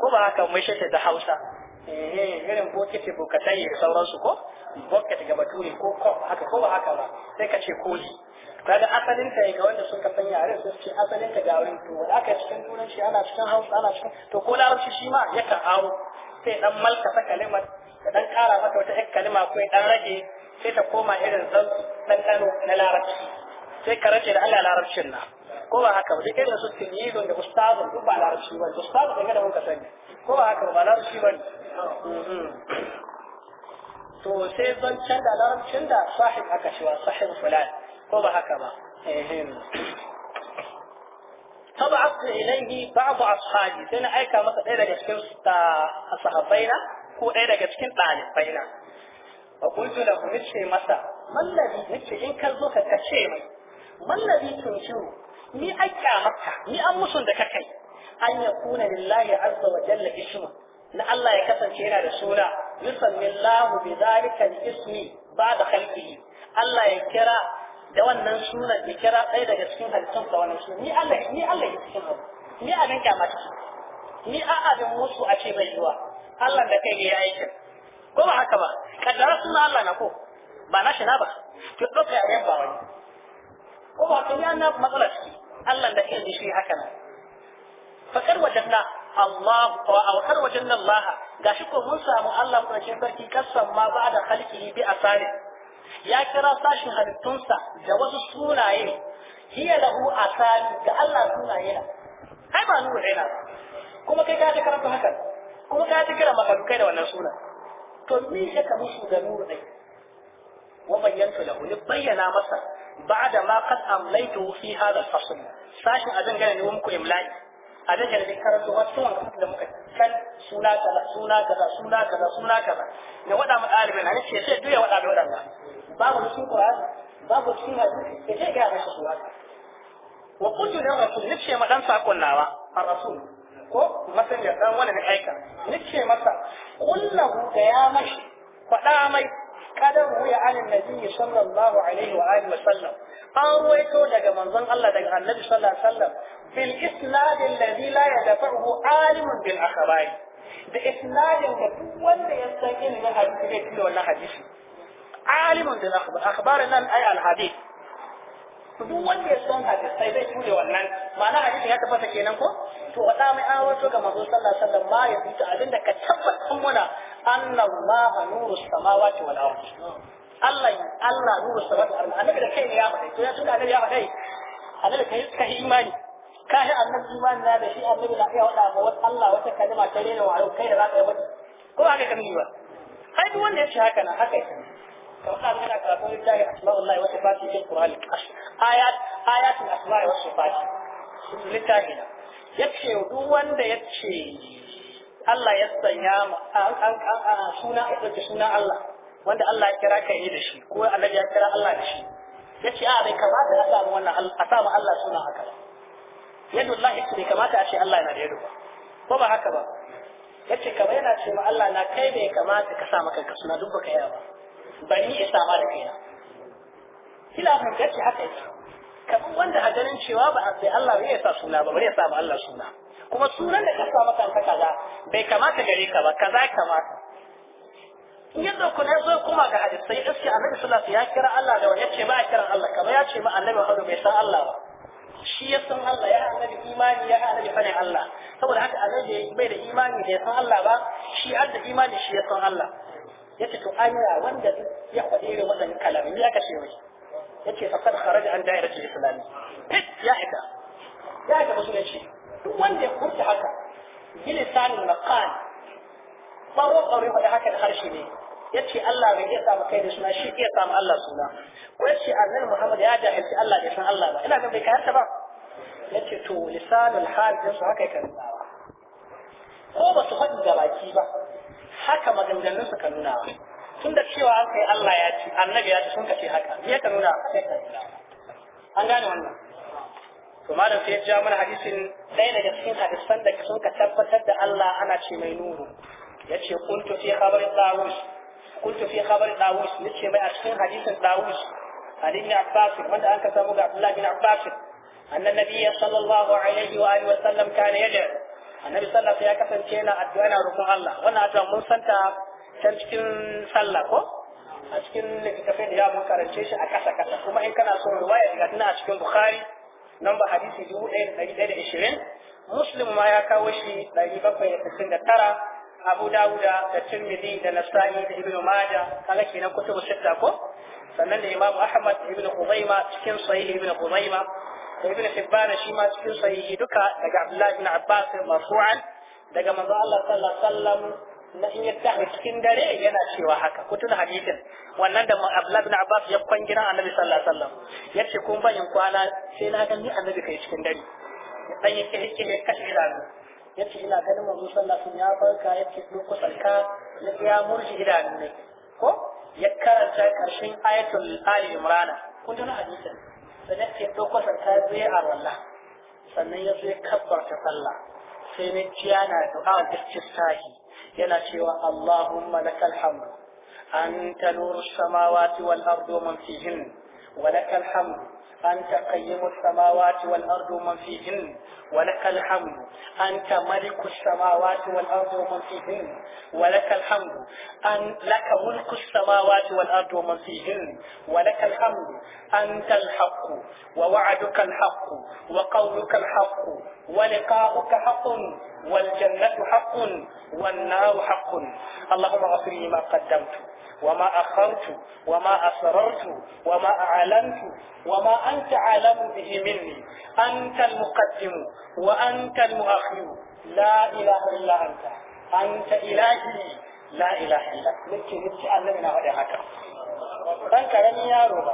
ko ba haka mai shi da Hausa eh, irin bokiti bukatai da sauransu ko bokiti ga baturi ko kof haka ko ba haka ba sai ka ce koli kada asalin ka ga wanda suka san yaren su ce asalin ka ga wurin to wanda aka cikin shi ana cikin hausa ana cikin to ko larabci shi ma ka hawo sai dan malka ta kalima da dan kara mata wata ek kalima ko ya dan rage sai ta koma irin zan ɗanɗano na larabci sai ka rage da Allah larabcin na ko ba haka ba duk irin su tilizun da ustaz duk ba larabci ba da gada mun ka sani ko ba haka ba larabci ba mm-hmm. to sai zan canza larabcin da sahib aka wa sahib fulani ko ba haka ba فبعثت إليه بعض أصحابي سنة أيكا مثلا إيه لك شكل أصحابينا كو إيه لك شكل طالبينا وقلت له نشي مسا ما الذي نشي إن كذوك كشيمي ما الذي تنشره ni a maka ni an musun da ka kai an ya kuna lillahi azza wa jalla ismu na Allah ya kasance yana da suna yusammi Allahu bi ismi ba da khalqihi Allah ya kira da wannan sunan ya kira ɗaya daga cikin halittun da wannan sunan ni Allah ni Allah ya cikin ni abin kyamata ni a abin musu a ce bai yiwa Allah da kai ne ya aikin ko ba haka ba kaddara sunan Allah na ko ba na shi na ba to ɗauka ya ba wani ko ba kan yana matsalar? ciki Allah da kai ne shi haka nan fakar wajen wajenna Allah wa aukar nan Allah gashi ko mun samu Allah kuma cikin sarki kasan ma ba da khalqihi bi asari ya kira sashin halittunsa da wasu sunaye hiya lahu asali da Allah sunaye na ai ba nuhu ina kuma kai ka ta karanta haka kuma ka ta kira kai da wannan suna to me shi ka musu da nuhu dai wa bayyanta lahu ya bayyana masa ba'da ma qad amlaytu fi hadha al-fasl sashin azan gane ne muku imla'i a da karatu, wasu wanda da muka san suna kaza suna kaza suna kaza suna kaza da wada mu ɗalibin hadisi ce sai duya wada da wadanda babu cikin Qur'ani babu cikin hadisi ya ce ga masa suna wa kuntu da rasul nace ma dan sakon nawa ar rasul ko masan ya dan wani ne aika nace masa kullahu da ya mashi faɗa mai kadan wuya alin nabi sallallahu alaihi wa alihi wa sallam an waito daga manzon Allah daga annabi sallallahu alaihi wa sallam bil isnad alladhi la yadfa'uhu alimun bil akhbari da isnadin da duk wanda ya san ilimin hadisi ne tilo wannan hadisi alimun bil akhbar akhbarin nan ay al hadith duk wanda ya san sai zai tule wannan ma'ana hadisin ya tabbata kenan ko to wada mai an wato ga manzo sallallahu alaihi wa sallam ma ya fita abinda ka tabbatar muna anna Allah nuru samawati wal ardh Allah Allah nuru samawati wal ardh annabi da kai ne ya faɗa to ya tuna annabi ya faɗa annabi kai suka yi imani ka yi annabi imani na da shi annabi na iya wada ma wata Allah wata kalma ta rena wa kai da za ka yi wani ko haka kan yi ba ai duk wanda ya ce haka na haka ya kamar da muna karatun littafi asma'ullahi wa sifati fil qur'ani ayat ayatul asma'i was sifati littafi na yace duk wanda yace Allah ya sanya suna a ɗauki suna Allah wanda Allah ya kira kai da shi ko annabi ya kira Allah da shi ya ce a bai kamata a samu wannan a samu Allah suna haka Yadda yadullahi bai kamata a ce Allah yana da yadu ba ko ba haka ba ya ce kamar yana ce ma Allah na kai bai kamata ka sa maka ka suna duk baka yi ba ni ya sama da kaina kila mun gaci haka yake kamar wanda a ganin cewa ba a sai Allah ya sa suna ba bari ya sa ba Allah suna kuma sunan da ka sa maka ka kaza bai kamata gare ka ba kaza ya kamata in ku na kuma zo kuma ga hadisai iske annabi sallallahu alaihi ya kira Allah da wani ya ce ba a kiran Allah kamar ya ce ma annabi Muhammad bai san Allah ba shi ya san Allah ya annabi imani ya annabi fane Allah saboda haka annabi bai da imani da ya san Allah ba shi har da imani shi ya san Allah yace to anya wanda ya faɗi irin wannan kalamin ya kashe mai yace faqad kharaja an da'iratul islam fit ya hita ya hita musulunci duk wanda ya furta haka bilisanin maqal baro baro da haka da harshe ne yace Allah bai iya samu kai da suna shi iya samu Allah suna ko yace annabi Muhammad ya jahilci Allah da san Allah ba ina ga bai harta ba yace to lisanul hal da su haka karanta ba ko ba su faɗi da baki ba haka maganganun su ka nuna ba tun da cewa an kai Allah ya ci annabi ya ci sun ka ce haka me ya nuna sai ka nuna an gane wannan to malam sai ya ja mana hadisin ɗaya daga cikin hadisan da sun ka tabbatar da Allah ana ce mai nuru yace kuntu fi khabarin dawus kuntu fi khabarin dawus ce mai a cikin hadisin dawus hadin ya abbas wanda an ka samu ga Abdullah bin Abbas annan nabiyyi sallallahu alaihi wa alihi wa sallam kana yada annabi sallallahu ya kasance yana addu'a yana rukun Allah wannan addu'a mun santa can cikin sallah ko a cikin littafin da ya mun karance shi a kasa kasa kuma in kana son ruwaya daga tana a cikin Bukhari nan ba hadisi dubu ɗaya da ɗari ɗaya da ishirin muslim ma ya kawo shi ɗari bakwai da sittin da tara abu dawuda da tirmidhi da nasa'i da ibnu maja kaga kenan kutubu sitta ko sannan da imamu ahmad da ibnu khuzaima cikin sahih ibnu khuzaima da ibnu hibban shi ma cikin sahih duka daga abdullahi ibn abbas marfu'an daga manzo Allah sallallahu alaihi wasallam na in yadda a cikin dare yana cewa haka ku tuna hadisin wannan da Abdullah bin Abbas ya kwangira Annabi sallallahu alaihi wasallam yace kun bayin kwana sai na ga ni Annabi kai cikin dare ya dan yake yake ya kashe idanu yace ina ganin manzo sallallahu alaihi wasallam ya farka yace ku ya ya murji idanu ne ko ya karanta karshen ayatul Ali Imran kun tuna hadisin sannan ya dauko sarka zai a walla sannan ya zo ya kabbarta sallah sai ne ciyana du'a da istisahi يلا اللهم لك الحمد أنت نور السماوات والأرض ومن فيهن ولك الحمد أنت قيم السماوات والأرض ومن فيهن ولك الحمد أنت ملك السماوات والأرض ومن فيهن ولك الحمد أن لك ملك السماوات والأرض ومن فيهن ولك الحمد أنت الحق ووعدك الحق وقولك الحق ولقاؤك حق والجنة حق والنار حق اللهم اغفر لي ما قدمت وما أخرت وما أسررت وما أعلنت وما أنت أعلم به مني أنت المقدم وأنت المؤخر لا إله إلا أنت أنت إلهي لا إله إلا أنت لكي نتي أننا ودعك ɗan ƙarami yaro ba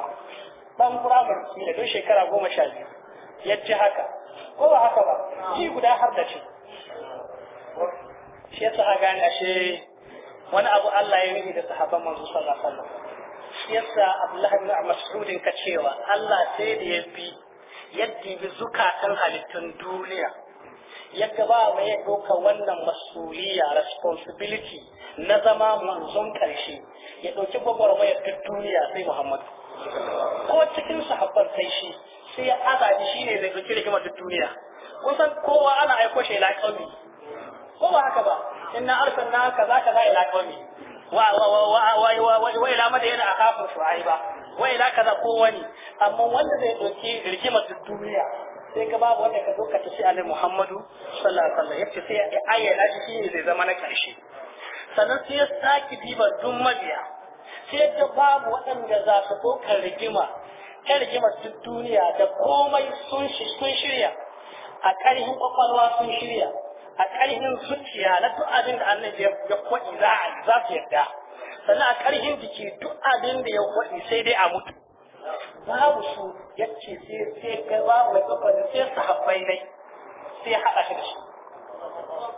ɗan firamare da don shekara goma sha biyu yadda haka ko ba haka ba shi guda har da shi shi yasa a gane ashe wani abu Allah ya rubi da sahabban manzo sallallahu alaihi wasallam yasa Abdullah ibn Mas'ud ka cewa Allah sai da ya bi yadda bi zukatan halittun duniya yadda ba ya ɗauka wannan masuliya responsibility na zama manzon karshe ya ɗauki gwagwarmayar ta duniya sai Muhammad ko cikin sahabban sai shi sai ya shi ne zai ɗauki rigimar ta duniya kusan kowa ana aiko shi ila ko ba haka ba inna arsalna ka za ila qaumi wa wa wa wa wa ila madayna akhafu shu'aiba wa ila kaza ko wani amma wanda zai doki rigimar duniya sai ka babu wanda ka zo ka tafi alai Muhammadu sallallahu alaihi wasallam yace sai ya ayyana shi ne zai zama na karshe sannan sai ya saki diba dun mabiya sai da babu waɗanda za su kokar rigima ta rigimar duniya da komai sun shirya a ƙarfin kwakwalwa sun shirya a ƙarhin zuciya na duk abin da annabi ya kwaɗi za a za su yarda sannan a ƙarhin jiki duk abin da ya kwaɗi sai dai a mutu babu su ya ce sai kai babu mai kwakwani sai sahabbai dai sai haɗa shi da shi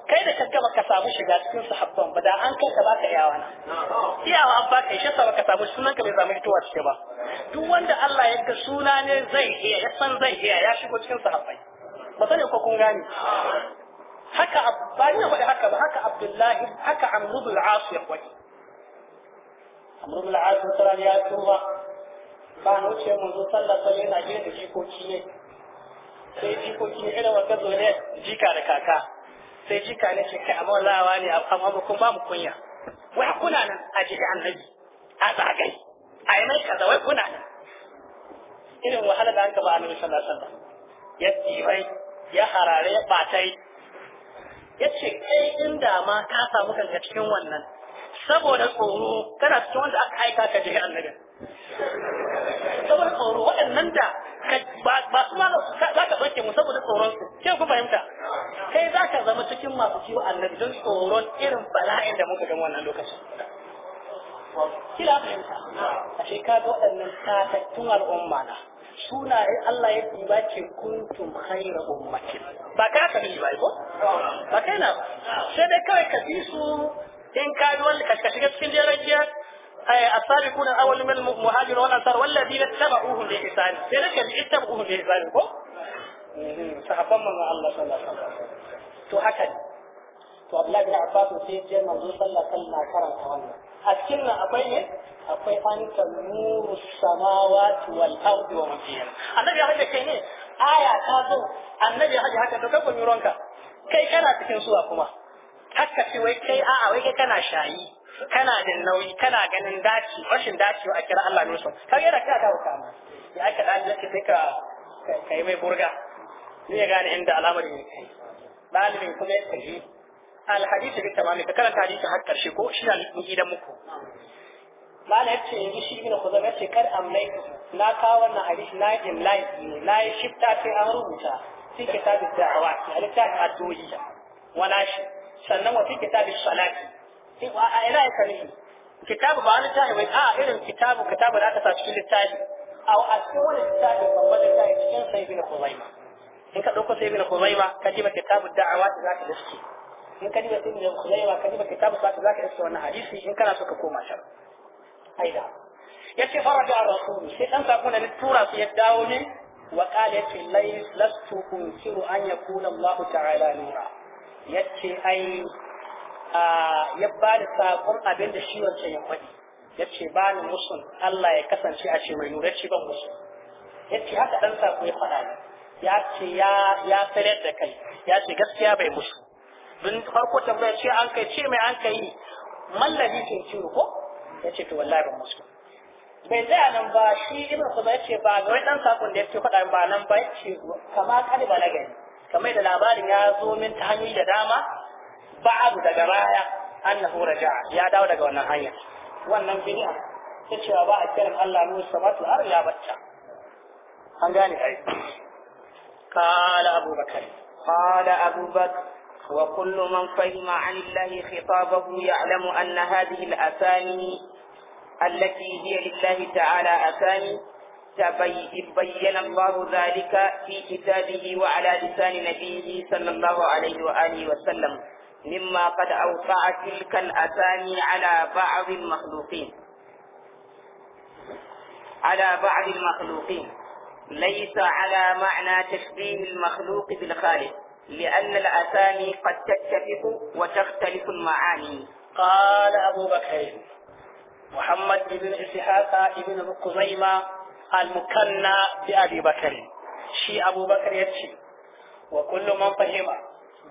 kai da kanka baka samu shiga cikin sahabban ba da an kanka baka iyawa na iyawa an baka shi sa baka samu sunan ka bai samu fitowa cike ba duk wanda Allah ya ga suna ne zai iya ya san zai iya ya shigo cikin sahabbai ba sani ko kun gane haka ba ina faɗi haka ba haka abdullahi haka amrubul asu ya faɗi amrubul asu tsaron ya tuba ba na wuce mun zo sallah sallah yana gina da jikoki ne sai jikoki ne irin wata zo ne jika da kaka sai jika ne ce kai amma lawa ne amma ba kun ba mu kunya wai kuna nan a jiki annabi a tsagai a yi mai kaza wai kuna nan irin wahala da an ka ba annabi sallallahu alaihi ya tsibai ya harare ya batai Ya ce, kai inda ma ka samu kanka cikin wannan saboda tsoro kana cikin wanda aka aika ka na annabi saboda tsoro waɗannan da ba su ma za ka ɗauke mu saboda tsoron su ke ku fahimta kai za ka zama cikin masu kiwo annabi don tsoron irin bala'in da muka gama wannan lokacin kila fahimta a shekaru waɗannan tatattun al'umma na sunayen Allah ya diba ce kuntum khayra ummatin ba ka ka ba ko ba kai na sai dai kawai ka bi su in ka bi wanda ka shiga cikin jarajiya السابقون الأول من المهاجر والأنصار والذين اتبعوهم بإحسان ذلك اتبعوهم بإحسان ko mm-hmm. sahabban manzon Allah sallallahu alaihi wasallam to haka to Abdullahi bin Abbas sai ya manzo sallallahu alaihi wasallam karanta wannan a cikin nan akwai ne akwai anta nuru samawati wal ardi wa mafiyan annabi ya hada kai ne aya ta zo annabi ya hada haka to kai kun ronka kai kana cikin suwa kuma haka ce wai kai a'a wai kai kana shayi kana da nauyi kana ganin daci rashin dacewa a kira Allah nusu kai yana ka dawo kama ya aka da laki sai ka kai mai burga ne ya gane inda alamar ne kai dalibin kuma ya tafi alhadisi bin tamami ka karanta hadisi har karshe ko shi na gidan muku mala yace yanzu shi ibn khuzaimah yace kar amlaitu na kawo wannan hadisi na yi live ne na yi shifta sai an rubuta fi kitabi da'awa a littafin addu'o'i wala shi sannan wa fi kitabi salati a ina ya sani kitabu ba wani tahi bai a irin kitabu kitabu da aka sa cikin littafi a cikin wani littafi babban littafi cikin sai ibn khuzaimah in ka ɗauko sai ibn khuzaimah ka ji ba kitabu da'awa da zaka dace in ka diba ibn Khuzaimah ka diba kitabu sa za ka iska wannan hadisi in kana so ka koma can aida yace faraja ar-rasul sai dan sako na tura su ya dawo ne wa qala yace lais lastu unkiru an yakuna Allah ta'ala nura yace ai ya ba da sakon abin da shi wancan ya faɗi yace ba ni musun Allah ya kasance a ce mai nura ce ban musu yace haka dan sako ya faɗa ne ya ce ya sanar da kai ya ce gaskiya bai musu mun farko tambaya ce an kai ce mai an kai mallabi ke ciro ko ya ce to wallahi ban musu bai tsaya nan ba shi ibn kuma ya ce ba ga wani dan sakon da ya ce faɗa ba nan ba ya ce kama kada balaga ne kamar da labarin ya zo min ta hanyoyi da dama ba'adu daga baya annahu raja'a ya dawo daga wannan hanya wannan bid'a ta cewa ba a kiran Allah ne to har ya bacca an gane ai قال أبو بكر قال أبو بكر وكل من فهم عن الله خطابه يعلم أن هذه الأثاني التي هي لله تعالى أثاني تبين الله ذلك في كتابه وعلى لسان نبيه صلى الله عليه وآله وسلم مما قد أوقع تلك الأثاني على بعض المخلوقين على بعض المخلوقين ليس على معنى تشبيه المخلوق بالخالق لأن الأساني قد تتفق وتختلف المعاني قال أبو بكر محمد بن إسحاق بن قزيمة المكنى بأبي بكر شي أبو بكر يتشي وكل من فهم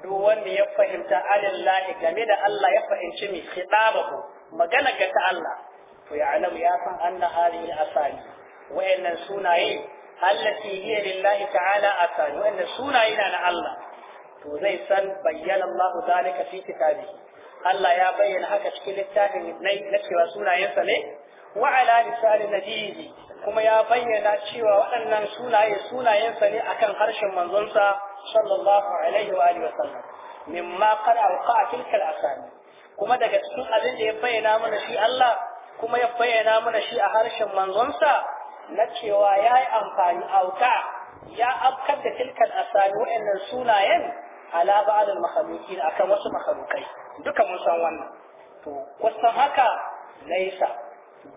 دون يفهم تعالى الله جميل الله يفهم شمي خطابه مجانا تعالى ويعلم يعلم أن هذه الأساني وإن سنائي التي هي لله تعالى أساني وإن سنائي على الله to zai san bayyana Allah zalika fi kitabi Allah ya bayyana haka cikin littafin na cewa sunayensa ne wa ala lisani nabiyi kuma ya bayyana cewa waɗannan sunaye sunayensa ne akan harshen manzonsa sallallahu alaihi wa alihi wa sallam mimma qad alqa tilka al-asami kuma daga cikin abin da ya bayyana mana shi Allah kuma ya bayyana mana shi a harshen manzonsa na cewa ya yi amfani auka ya afkar da tilkan asami wa'annan sunayen ala ba'd al makhluqin akan wasu makhlukai duka mun san wannan to kusan haka laisa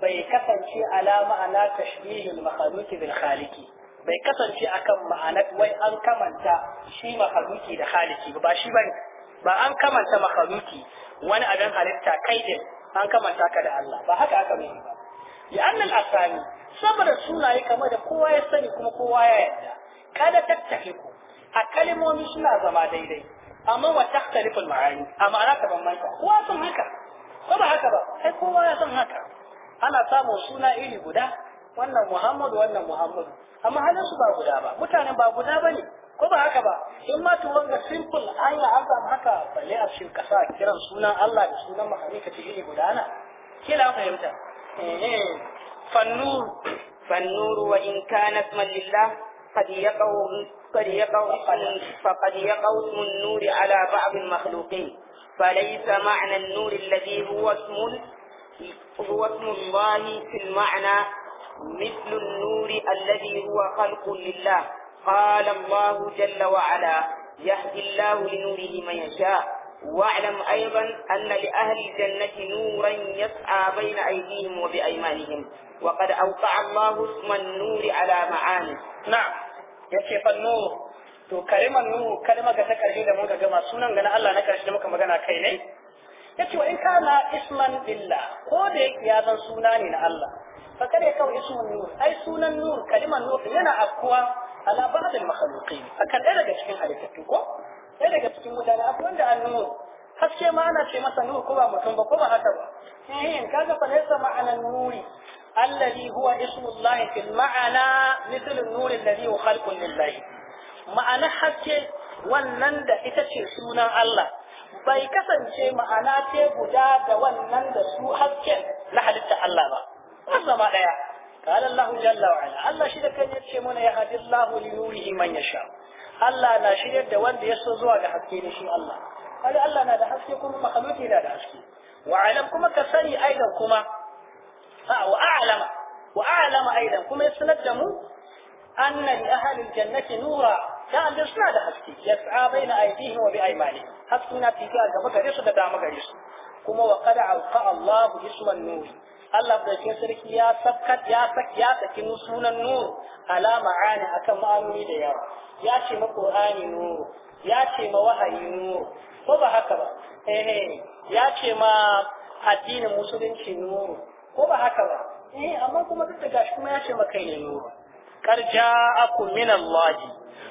bai kasance ala ma'ana tashbih al makhluq bil khaliqi bai kasance akan ma'anar wai an kamanta shi makhluqi da khaliqi ba shi bane ba an kamanta makhluqi wani abin halitta kai din an kamanta ka da Allah ba haka aka yi ba ya annal asani saboda sunaye kamar da kowa ya sani kuma kowa ya yarda kada tattafi ku a kalmomi suna zama daidai amma wa takhtalifu al-ma'ani a ma'ana ta bambanta kowa sun haka ko ba haka ba sai kowa ya san haka ana samun suna iri guda wannan Muhammadu wannan Muhammadu amma halin su ba guda ba mutanen ba guda bane ko ba haka ba in ma to wanga simple aya an samu haka balle a cikin kasa kiran sunan Allah da sunan Muhammad ta iri guda na kila fahimta eh eh fannur fannur wa in kana isman lillah قد يقع قد يقع فقد يقع اسم النور على بعض المخلوقين فليس معنى النور الذي هو اسم هو اسم الله في المعنى مثل النور الذي هو خلق لله قال الله جل وعلا يهدي الله لنوره من يشاء واعلم أيضا أن لأهل الجنة نورا يسعى بين أيديهم وبأيمانهم وقد أوقع الله اسم النور على معاني نعم yace fa nur to kaliman nur kalma ga ta karshe da muka gama sunan ga na Allah na karshe da muka magana kai ne yace wa in kana isman billah ko da yake ya zan suna ne na Allah fa kada kawo ismun nur ai sunan nur kaliman nur yana afkuwa ala ba'd al makhluqin akan ɗaya daga cikin halittu ko ɗaya daga cikin mutane akwai wanda an nur haske ma ana ce masa nur ko ba mutum ba ko ba haka ba eh kaga fa laysa ma'anan nuri الذي هو اسم الله في المعنى مثل النور الذي هو خلق لله معنى حكي wannan da ita ce sunan Allah bai kasance ma'ana ce guda da wannan da su hasken na halitta Allah ba wannan ma daya qala Allah jalla wa ala Allah shi da kan yace mana ya hadi Allah li nurihi man yasha Allah na shiryar da wanda ya so zuwa ga haske ne shi Allah kada Allah na da haske kuma makhluki na da haske wa alam kuma ka sani aidan kuma wa a'lama wa a'lama aidan kuma ya sanar da mu anna li ahli aljannati nura da Allah suna da haske yas'a baina aydihim wa bi aymanihim haske na tafiya gaba gare su da dama gare kuma wa qad alqa isman nur Allah da ke sarki ya sakkat ya sak ya saki sunan nur ala akan ma'anoni da yawa ya ce ma ya ce ma wahayi ko ba haka ba eh, eh. ya ce ma addinin musulunci nur ko ba haka ba eh amma kuma duk da gashi kuma ya ce maka ne nuru kar aku min Allah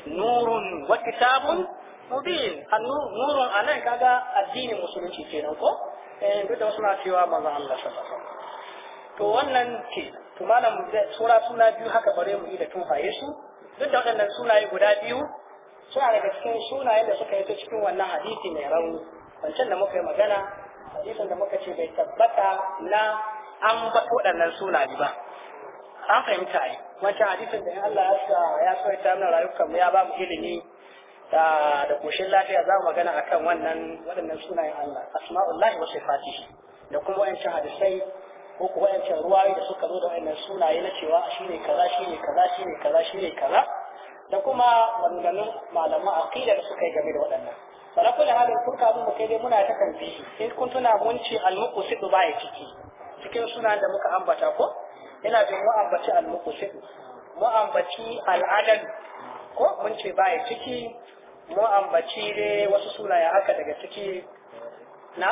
nurun wa kitabun mubin nurun anan kaga addinin musulunci kenan ko eh duk da suna cewa manzo Allah sallallahu alaihi wasallam to wannan ce to malam sura suna biyu haka bare mu yi da tufaye su duk da suna sunaye guda biyu suna daga cikin sunayen da suka yi ta cikin wannan hadisi mai rauni wancan da muka yi magana hadisin da muka ce bai tabbata na an ba waɗannan sunaye ba an fahimta ai wancan hadisin da in Allah ya sa ya so ya mana rayukan ya ba mu ilimi da da koshin lafiya za mu magana akan wannan waɗannan sunayen Allah asma'ullahi wa sifatihi da kuma wayancan hadisai ko kuma wayancan ruwayi da suka zo da wannan sunaye na cewa shi ne kaza shi ne kaza shi ne kaza shi ne kaza da kuma maganganun malaman aqida da suka yi game da waɗannan fara kula halin kurka mun kai dai muna ta tambayi in kun tuna mun ce al-muqsidu ba ya ciki cikin suna da muka ambata ko ina jin mu ambaci al-muqsid mu ambaci al-adad ko mun ce baya ciki mu ambaci dai wasu sunaye haka daga ciki na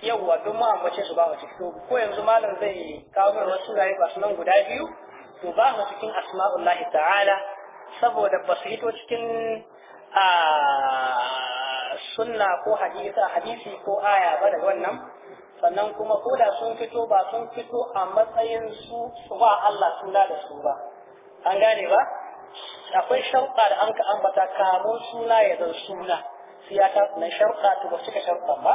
yawwa duk mu ambace su ba ciki to ko yanzu malam zai kawo mana wasu sunaye ba sunan guda biyu to ba mu cikin asma'ullahi ta'ala saboda ba su hito cikin a ah, sunna ko hadisa hadisi ko aya ba da wannan sannan kuma ko da sun fito ba sun fito a matsayin su su ba Allah suna da su ba an gane ba akwai shauƙa da an ka ambata kamun suna ya zan suna ta na sharɗa to ba suka sharɗa ba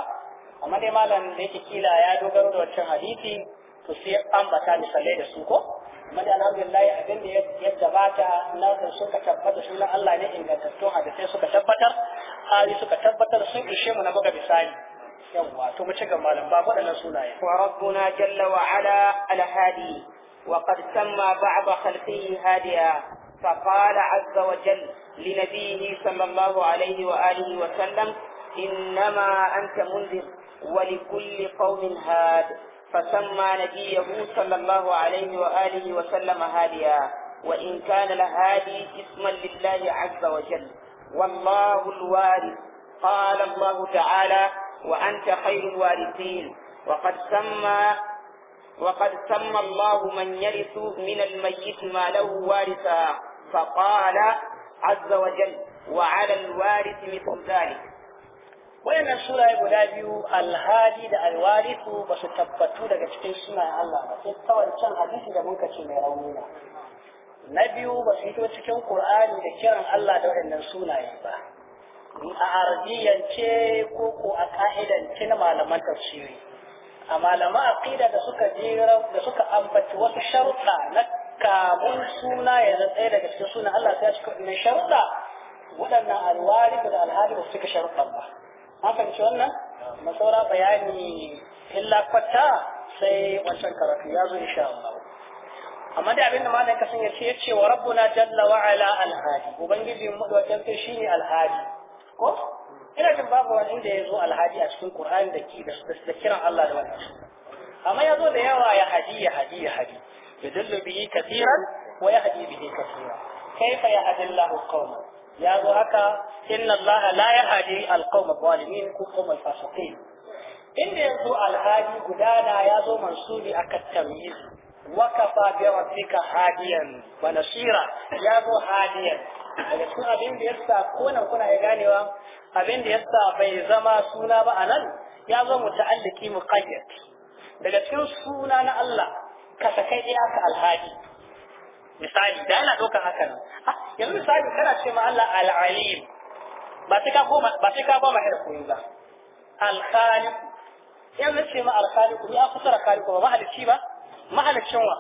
amma dai malam da yake kila ya dogaro da wancan hadisi to sai ambata misalai da su ko mada alhamdulillah abin da yadda bata na suka tabbata sunan Allah ne ingantattun sai suka tabbatar ali suka tabbatar sun ishe mu na buga misali yawwa to mu ci ga malam ba waɗannan sunaye wa rabbuna jalla wa ala alhadi وقد سمى بعض خلقه هاديا فقال عز وجل لنبيه صلى الله عليه وآله وسلم إنما أنت منذر ولكل قوم هاد فسمى نبيه صلى الله عليه وآله وسلم هاديا وإن كان لهادي اسما لله عز وجل والله الوارث قال الله تعالى وأنت خير الوارثين وقد سمى وقد سمى الله من يرث من الميت ما له وارثا فقال عز وجل وعلى الوارث مثل ذلك wayannan suraye guda biyu alhadi da alwarisu ba su tabbatu daga cikin sunayen Allah ba sai ta wancan hadisi da muka ce mai rauni na na biyu ba su hito cikin Qur'ani da kiran Allah da wayannan sunaye ba a ardiyance ko ko a ka'idance na malaman tafsiri a malaman aqida da suka jira da suka ambaci wasu sharuɗa na kamun suna ya tsaye daga cikin sunan Allah sai ya cika waɗannan sharuɗa waɗannan alwarisu da alhadi ba su cika sharuɗan ba mafanci wannan masaura bayani illa kwata sai wancan karatu ya zo insha Allah amma da abinda malam kasan ya ce yace wa rabbuna jalla wa ala alhadi ubangiji mu da wajen shine alhadi ko ina jin babu wani inda ya zo alhadi a cikin qur'ani da ki da kiran Allah da wannan amma ya zo da yawa ya hadi ya hadi ya hadi yadullu bihi kathiran wa yahdi bihi kathira kaifa ya Allahu qauman ya zo haka inna allaha la yahdi alqawm adh-dhalimin ko qawm al-fasiqin inda yanzu alhadi gudana ya zo mansubi a tamyiz wa kafa bi rabbika hadiyan wa nasira ya zo hadiyan daga cikin abin da yasa ko nan kuna ya ganewa abin da yasa bai zama suna ba anan ya zo muta'alliki muqayyad daga cikin suna na Allah ka sakai iyaka alhadi misali da yana ɗaukar haka nan ah, yanzu misali kana ce ma Allah al-alim ba sai ka goma ba sai ka ba ma da koyi ba al-khaliq yanzu ce ma al-khaliq ni a kusura khaliq ba mahalicci ba mahalicin wa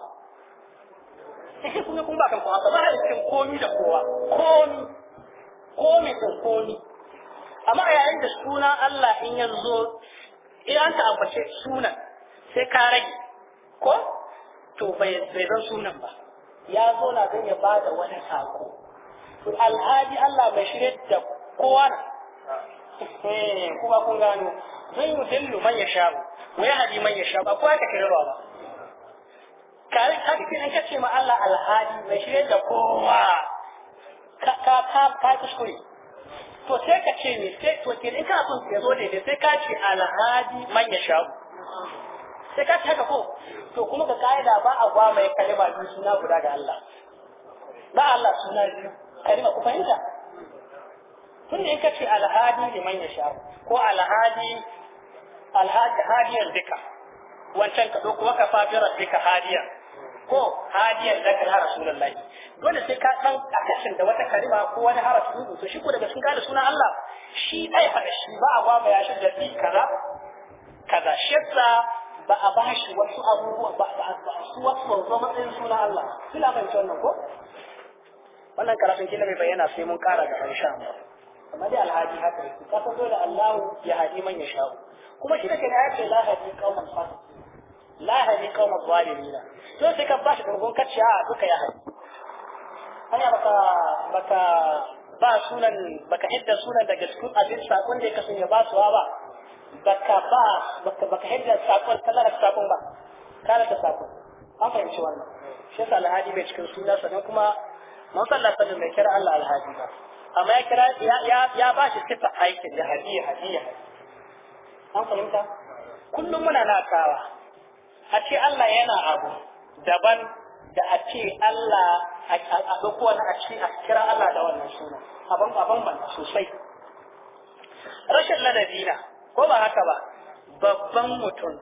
sai eh, kuma kun ba kan ku haka mahalicin komi da kowa komi komi da komi amma a yayin da suna Allah in ya zo idan ka ambace sunan sai ka rage ko to bai zan sunan ba ya zo na don ya ba da wani sako to alhaji Allah bai shirye da kowa na eh, kuma kun gano zai yi dillu man ya sha Wai hadi man ya sha ba kowa ka kira ba kai ka kike ne kace ma Allah alhaji bai shirye da kowa ka ka ka ka kuskure to sai ka ce ni sai to ke in ka son ya zo ne sai ka ce alhaji man ya sha sai ka haka ko to kuma ga ka'ida ba a ba mai kalima biyu suna guda ga Allah ba Allah suna biyu kalima ku fahimta tun da in ka ce alhadi liman ya sha ko alhadi alhadi hadiyar dika wancan ka ɗauko waka fafirar dika hadiya ko hadiyar da kan harasu lallahi dole sai ka san akashin da wata kalima ko wani harasu rubutu shi ko daga sun gane suna Allah shi ɗaya faɗa shi ba a ba mai ya da da kaza kaza shi ba a bashi wasu abubuwa ba a su wasu wanzu matsayin suna Allah kila mai wannan ko wannan karatun kila mai bayyana sai mun kara da insha Allah amma dai alhaji haka yake ka san dole Allah ya haɗi man ya shawo kuma shi da kai ya ce la hadi qauman fasiqin la hadi qauman zalimina to sai ka bashi gurgun kacce a duka ya haɗi hanya baka baka ba sunan baka hidda sunan daga cikin abin sakon da ya kasance ba suwa ba baka ba baka baka hidda sakon kallar sakon ba kare ta sakon an fahimci wannan shi yasa alhaji bai cikin suna sannan kuma man sallah sallan bai kira Allah alhaji ba amma ya kira ya ya ba shi sifa aikin da hadiya hadiya an fahimta kullum muna nakawa a ce Allah yana abu daban da a ce Allah a ɗauko wani a ce a kira Allah da wannan suna abin abin ban sosai rashin ladabi na ko ba haka ba babban mutum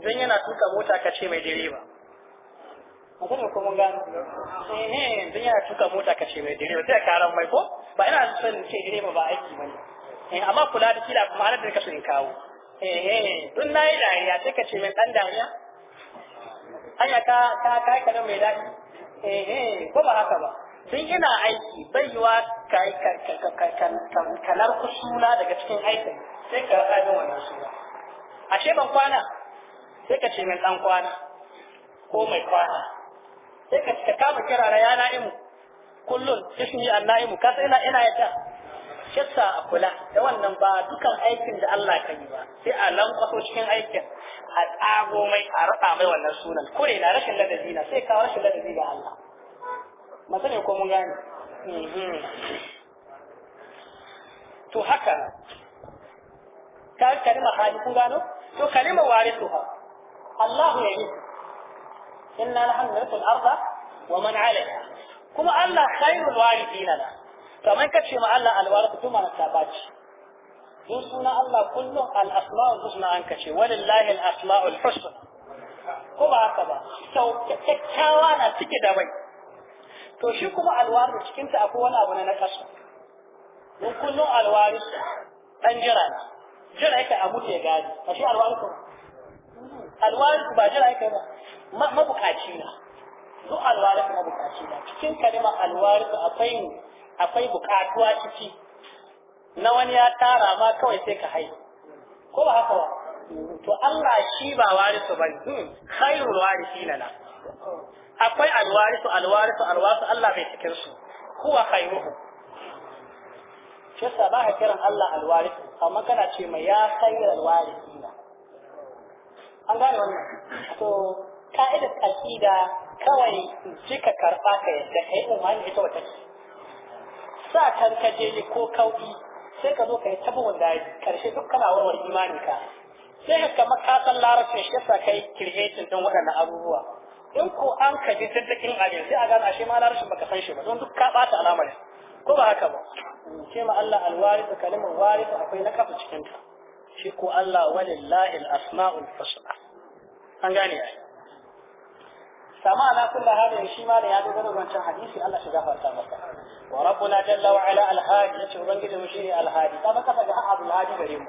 don yana tuka mota ka ce mai direba mutum ko mun gano eh don yana tuka mota ka ce mai direba sai karan mai ko ba ina son ce direba ba aiki bane eh amma kula da kila kuma har da ka sun kawo eh eh don nayi dariya sai ka ce mai dan dariya anya ka ka ka mai dadi eh eh ko ba haka ba don ina aiki baiwa Ka yi kanar suna daga cikin aikin sai ka rasa min wannan suna ashe ban kwana sai ka ce min dan kwana ko mai kwana sai ka ka kama kira na yana imu kullun ismi annaimu ka sai ina ina yata shessa a kula da wannan ba dukan aikin da Allah ka yi ba sai a lankwaso cikin aikin a tsago mai a rasa mai wannan sunan kure na rashin ladabi na sai ka rashin ladabi ga Allah masane ko mun gane Mhm. to haka ta kalima hali kun gano to kalima warisuha Allah ya yi inna nahnu narsul arda wa man alaiha kuma Allah khairul warithina na kamar kace ma Allah alwarithu to mana tabaci in suna Allah kullum al-asma'ul husna an kace walillahi al-asma'ul husna ko ba haka ba sau kyakkyawa na cike da bai to shi kuma alwarisu cikin ta akwai wani abu na nakasu mun kullum alwarisu dan jira ne jira yake a mutu ya gadi a shi alwarisu alwarisu ba jira yake ba mabukaci na duk alwarisu mabukaci na cikin kalimar alwarisu akwai akwai bukatuwa ciki na wani ya tara ma kawai sai ka haihu ko ba haka ba to Allah shi ba warisu ba hmm. khairul warisina na akwai alwarisu alwarisu alwasu Allah bai cikin su kuwa khairuhu shi yasa ba ka kiran Allah alwarisu amma kana ce mai ya khairu alwarisina an gane wannan to ka'idar aqida kawai jika karba ka yadda kai umarni ita wata ce sa kan kaje ko kauki sai ka zo ka yi tabin da karshe duk kana warwar imani ka sai ka kama kasan shi yasa kai kirhetin don waɗannan abubuwa in ko an ka ji tattakin abin sai a gane ashe ma larashin baka san shi ba don duk ka bata al'amari ko ba haka ba ce ma Allah alwarisu kalimar warisu akwai na kafa cikin ta shi ko Allah walillahi al-asma'ul husna an gane ai sama ana kullu hadin shi ma da ya dogara wancan hadisi Allah shi gafarta masa wa rabbuna jalla wa ala al-hadi ubangiji mu shine al-hadi kaga kafa ga Abdul Hadi gare mu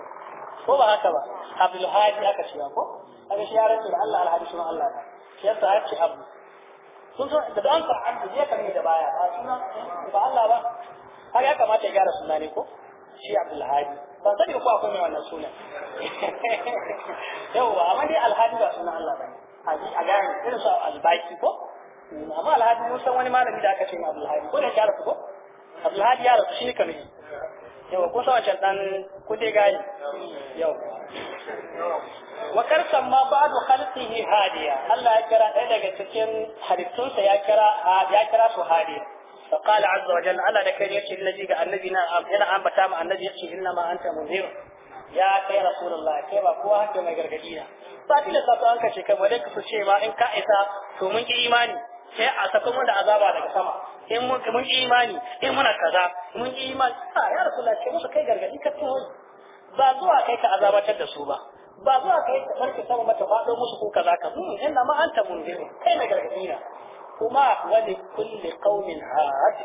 ko ba haka ba Abdul Hadi aka ce ko kaga shi ya rantsa da Allah al-hadi shi ma Allah yasa ake abu sun san da an fara abu zai kame da baya ba suna ba Allah ba har ya kamata ya gyara suna ne ko shi Abdulhadi ban sani ko akwai mai wannan sunan yawwa amma dai Alhadi ba sunan Allah bane haji a gane irin su albaki ko amma Alhadi mun san wani malami da aka ce mai Abdulhadi ko da gyara ko Abdulhadi ya rasu shi kame yawa ko sa wancan dan kuje gaye yawa wa karsan ma ba'du khalqihi hadiya Allah ya kira ɗaya daga cikin halittunsa ya kira ya kira su hadiya fa qala azza wa jalla Allah da kai yace annabi ga annabi na yana ambata ma annabi yace inna ma anta munzir ya kai rasulullah kai ba kowa hake mai gargadi na sati da safa an kace kai wadai ka ce ma in ka isa to mun ki imani sai a saka mun da azaba daga sama in mun mun ki imani in muna kaza mun ki imani a ah, ya rasulullah kai musu kai gargadi ka tuho ba zuwa kai ka azabatar da su ba ba zuwa ka yi barka sama mata faɗo musu ko kaza ka mun inna ma anta munziru kai na gargadi na kuma wani kulli qaumin had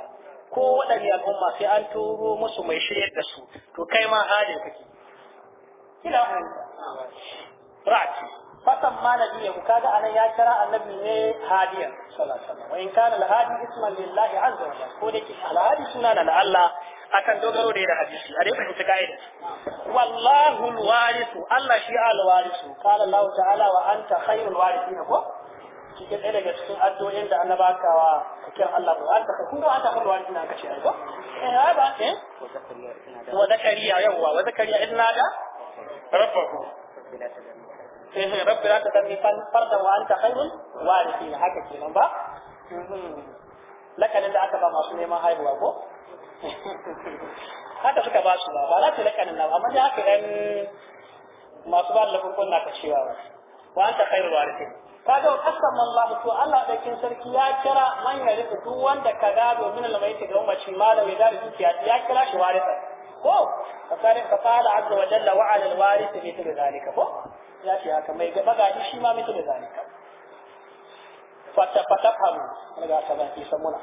ko waɗanne al'umma sai an turo musu mai shiryar da su to kai ma hadin kake kila an ra'ati fatan ma nabiyahu kaga anan ya kira annabi ne hadiyan sallallahu alaihi wasallam wa in kana al-hadi isman lillahi azza wa jalla ko dake al-hadi suna na Allah akan dogaro da da hadisi a dai fahimci ka'ida wallahu alwarisu Allah shi alwarisu qala Allah ta'ala wa anta khayrul warisina ko cikin ɗaya daga cikin addu'o'in da annaba ka wa cikin Allah ko anta kun ga anta khayrul warisina ka ce ko eh ba eh wa zakariya yawa wa zakariya idna da rabbahu eh rabbi la fan farda wa anta khayrul warisina haka kenan ba lakanin da aka ba masu neman haihuwa ko haka suka ba su ba ba za su lakanin na amma dai haka ɗan masu ba da lafafon na ka cewa ba wa an ta kairu warisin ga wa kasam Allah to Allah da kin sarki ya kira manyan ya rika duk wanda ka ga domin almaiti ga umarci malam ya da dukiya ya kira shi warisa ko fakari ka fala azza wa jalla wa ala alwaris mithlu zalika ko ya ce haka mai ga ga shi ma mithlu zalika fata fata famu daga ta ban isa muna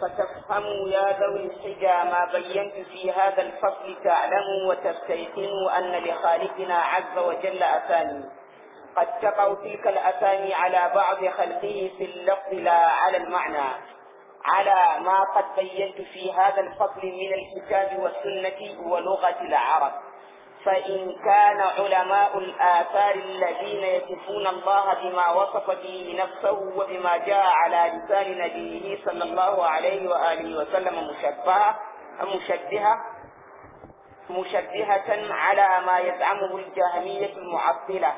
فتفهموا يا ذوي الحجى ما بينت في هذا الفصل تعلموا وتستيقنوا أن لخالقنا عز وجل أثاني قد تقع تلك الأثاني على بعض خلقه في اللفظ لا على المعنى على ما قد بينت في هذا الفصل من الكتاب والسنة ولغة العرب فإن كان علماء الآثار الذين يصفون الله بما وصف به نفسه وبما جاء على لسان نبيه صلى الله عليه وآله وسلم مشبهة مشبهة مشبهة على ما يزعمه الجهمية المعطلة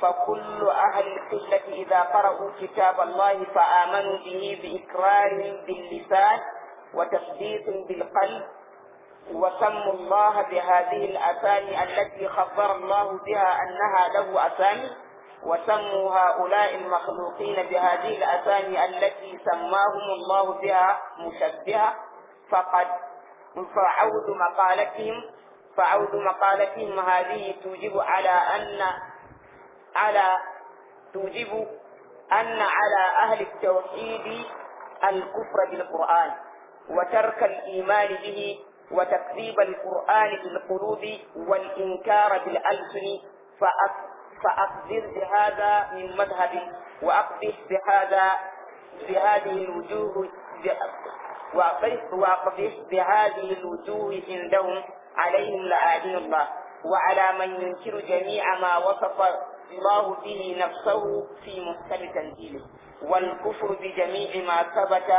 فكل أهل القلة إذا قرأوا كتاب الله فآمنوا به بإكرار باللسان وتصديق بالقلب وسموا الله بهذه الأسامي التي خبر الله بها أنها له أسامي وسموا هؤلاء المخلوقين بهذه الأسامي التي سماهم الله بها مشبهة فقد فعود مقالتهم فعود مقالتهم هذه توجب على أن على توجب أن على أهل التوحيد الكفر بالقرآن وترك الإيمان به وتكذيب القرآن بالقلوب والإنكار بالألسن فأقدر بهذا من مذهب وأقبح بهذا بهذه الوجوه وأقبح بهذه الوجوه عندهم عليهم لآدين الله وعلى من ينكر جميع ما وصف الله به نفسه في محكم تنزيله والكفر بجميع ما ثبت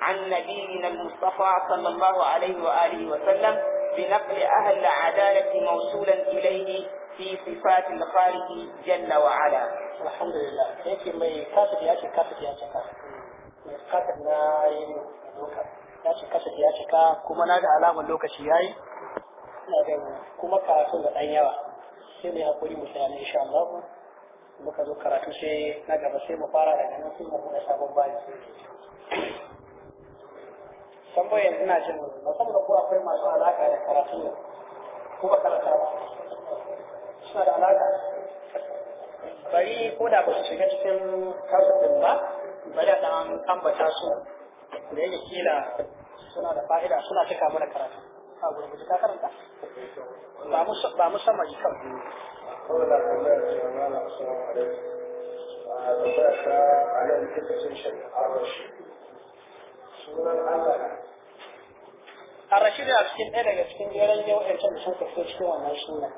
عن نبينا المصطفى صلى الله عليه وآله وسلم بنقل أهل العدالة موصولا إليه في صفات الخالق جل وعلا الحمد لله هيك ما يكاسب يا كاسب يا كاسب نا ya cika shi ya cika kuma na ga alamar lokaci yayi ina ga kuma karatun da dan yawa sai mu hakuri mu muka zo karatu sai na gaba sai mu fara daga nan sai mu sabon bayan tambayan ina jin musamman da ko akwai masu alaƙa da karatu ko ba karata ba suna da alaƙa bari ko da ba su shiga cikin kasafin ba bari a ɗan ambata su da yake kila suna da fa'ida suna cika mana karatu a gurgurji ka karanta ba musamman yi kan a nan kuka sun shaɗa a sunan Allah a rashida a cikin ɗaya daga cikin jeren yau a can sun kafe cikin wannan suna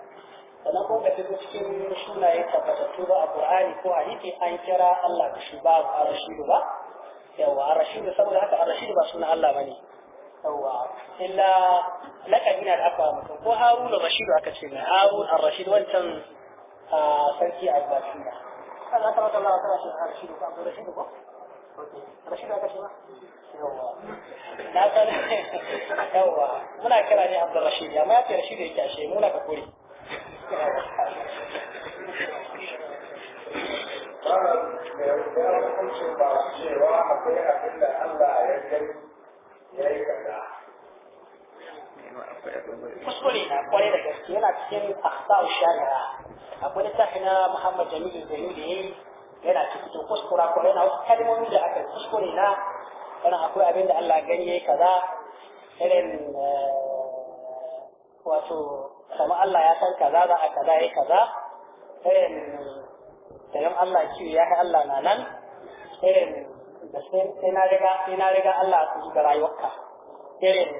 sannan kuma da fito cikin sunaye tabbatattu ba a ƙur'ani ko a hiti an kira allah da shi ba a rashidu ba yawa a rashidu saboda haka a rashidu ba suna allah ba ne yawa illa lakabi na da aka wa mutum ko harun rashidu aka ce mai harun a rashidu wancan ah, sarki a ibasina Allah ta wata Allah ta rashidu ko abu rashidu ko رشيد هذا شو؟ na san yawa muna kira ne abdul rashid amma ya ce rashid yake ashe muna ka kore kuskure na kwarai da gaske yana cikin akhtar shari'a akwai littafi na muhammad jamilu zainu da yayi yana cikin to kuskura ko yana wasu kalmomi da aka kuskure na yana akwai abin da Allah gani yayi kaza irin eh, wato kama Allah ya san kaza za a kaza yi kaza irin sayan Allah kiwo ya kai Allah na nan irin da sai na riga sai na riga Allah su ga rayuwarka irin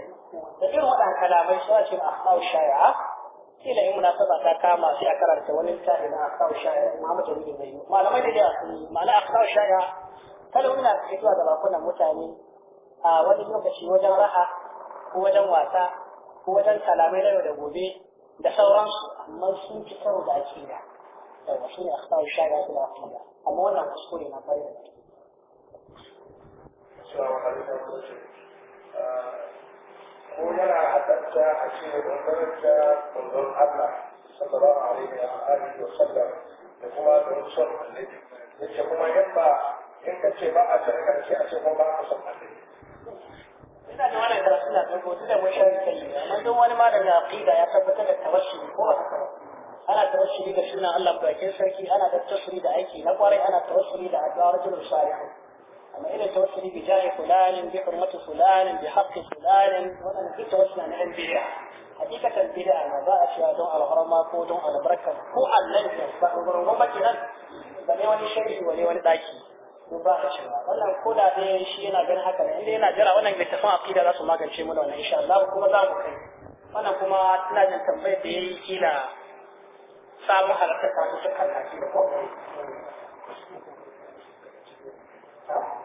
da irin waɗannan kalamai suna cikin akhau shari'a kila in munasaba ta kama sai a karanta wani littafi na akhtar shaya Muhammad Jamilu Bai malamai da yawa sun mala akhtar shaya Kala na suke zuwa da bakunan mutane a wani lokaci wajen raha ko wajen wasa ko wajen kalamai na yau da gobe da sauransu amma sun fi karo da da da, shi ne akhtar shaya da akida amma wannan kuskure na kwarai da gaske. ولا حتى الساعة شيء انظر الساعة انظر الله صلى الله عليه وآله وسلم لكما تنصر النبي لكما يبقى in ka ce ba a ce ka ce a ce ko ba a san annabi ina da wannan da suna da gobe da mun shari kai amma don wani malamin aqida ya tabbatar da tawassuli ko ba haka ana tawassuli da sunan Allah bakin sarki ana da tawassuli da aiki na kwarai ana tawassuli da addu'a rajulun salih amma irin tawassuli bi jahi fulanin bi hurmati fulanin bi haqqi fulanin wannan duk tawassuli na yan bid'a hakikatan bid'a na ba a cewa don alharma ko don albarka ko annabi ba gurbin makinan ba ne wani ba ne wani daki ko ba a cewa wannan ko da dai shi yana ganin haka ne inda yana jira wannan littafin aqida za su magance mu da wannan insha Allah kuma za mu kai wannan kuma ina jin tambayar da yayi kila samu halarta ta su kan aqida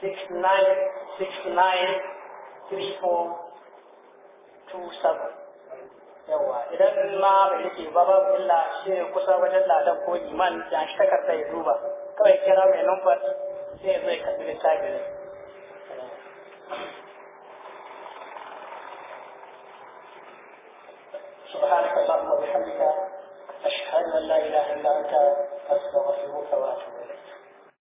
6969 yawa idan ma bai rike ba ba illa shi ne kusa wajen ladan ko iman da shi takarda ya duba kawai kira mai numfar sai zai karbi littafi ne سبحانك اللهم وبحمدك أشهد أن لا إله إلا أنت أستغفرك وأتوب إليك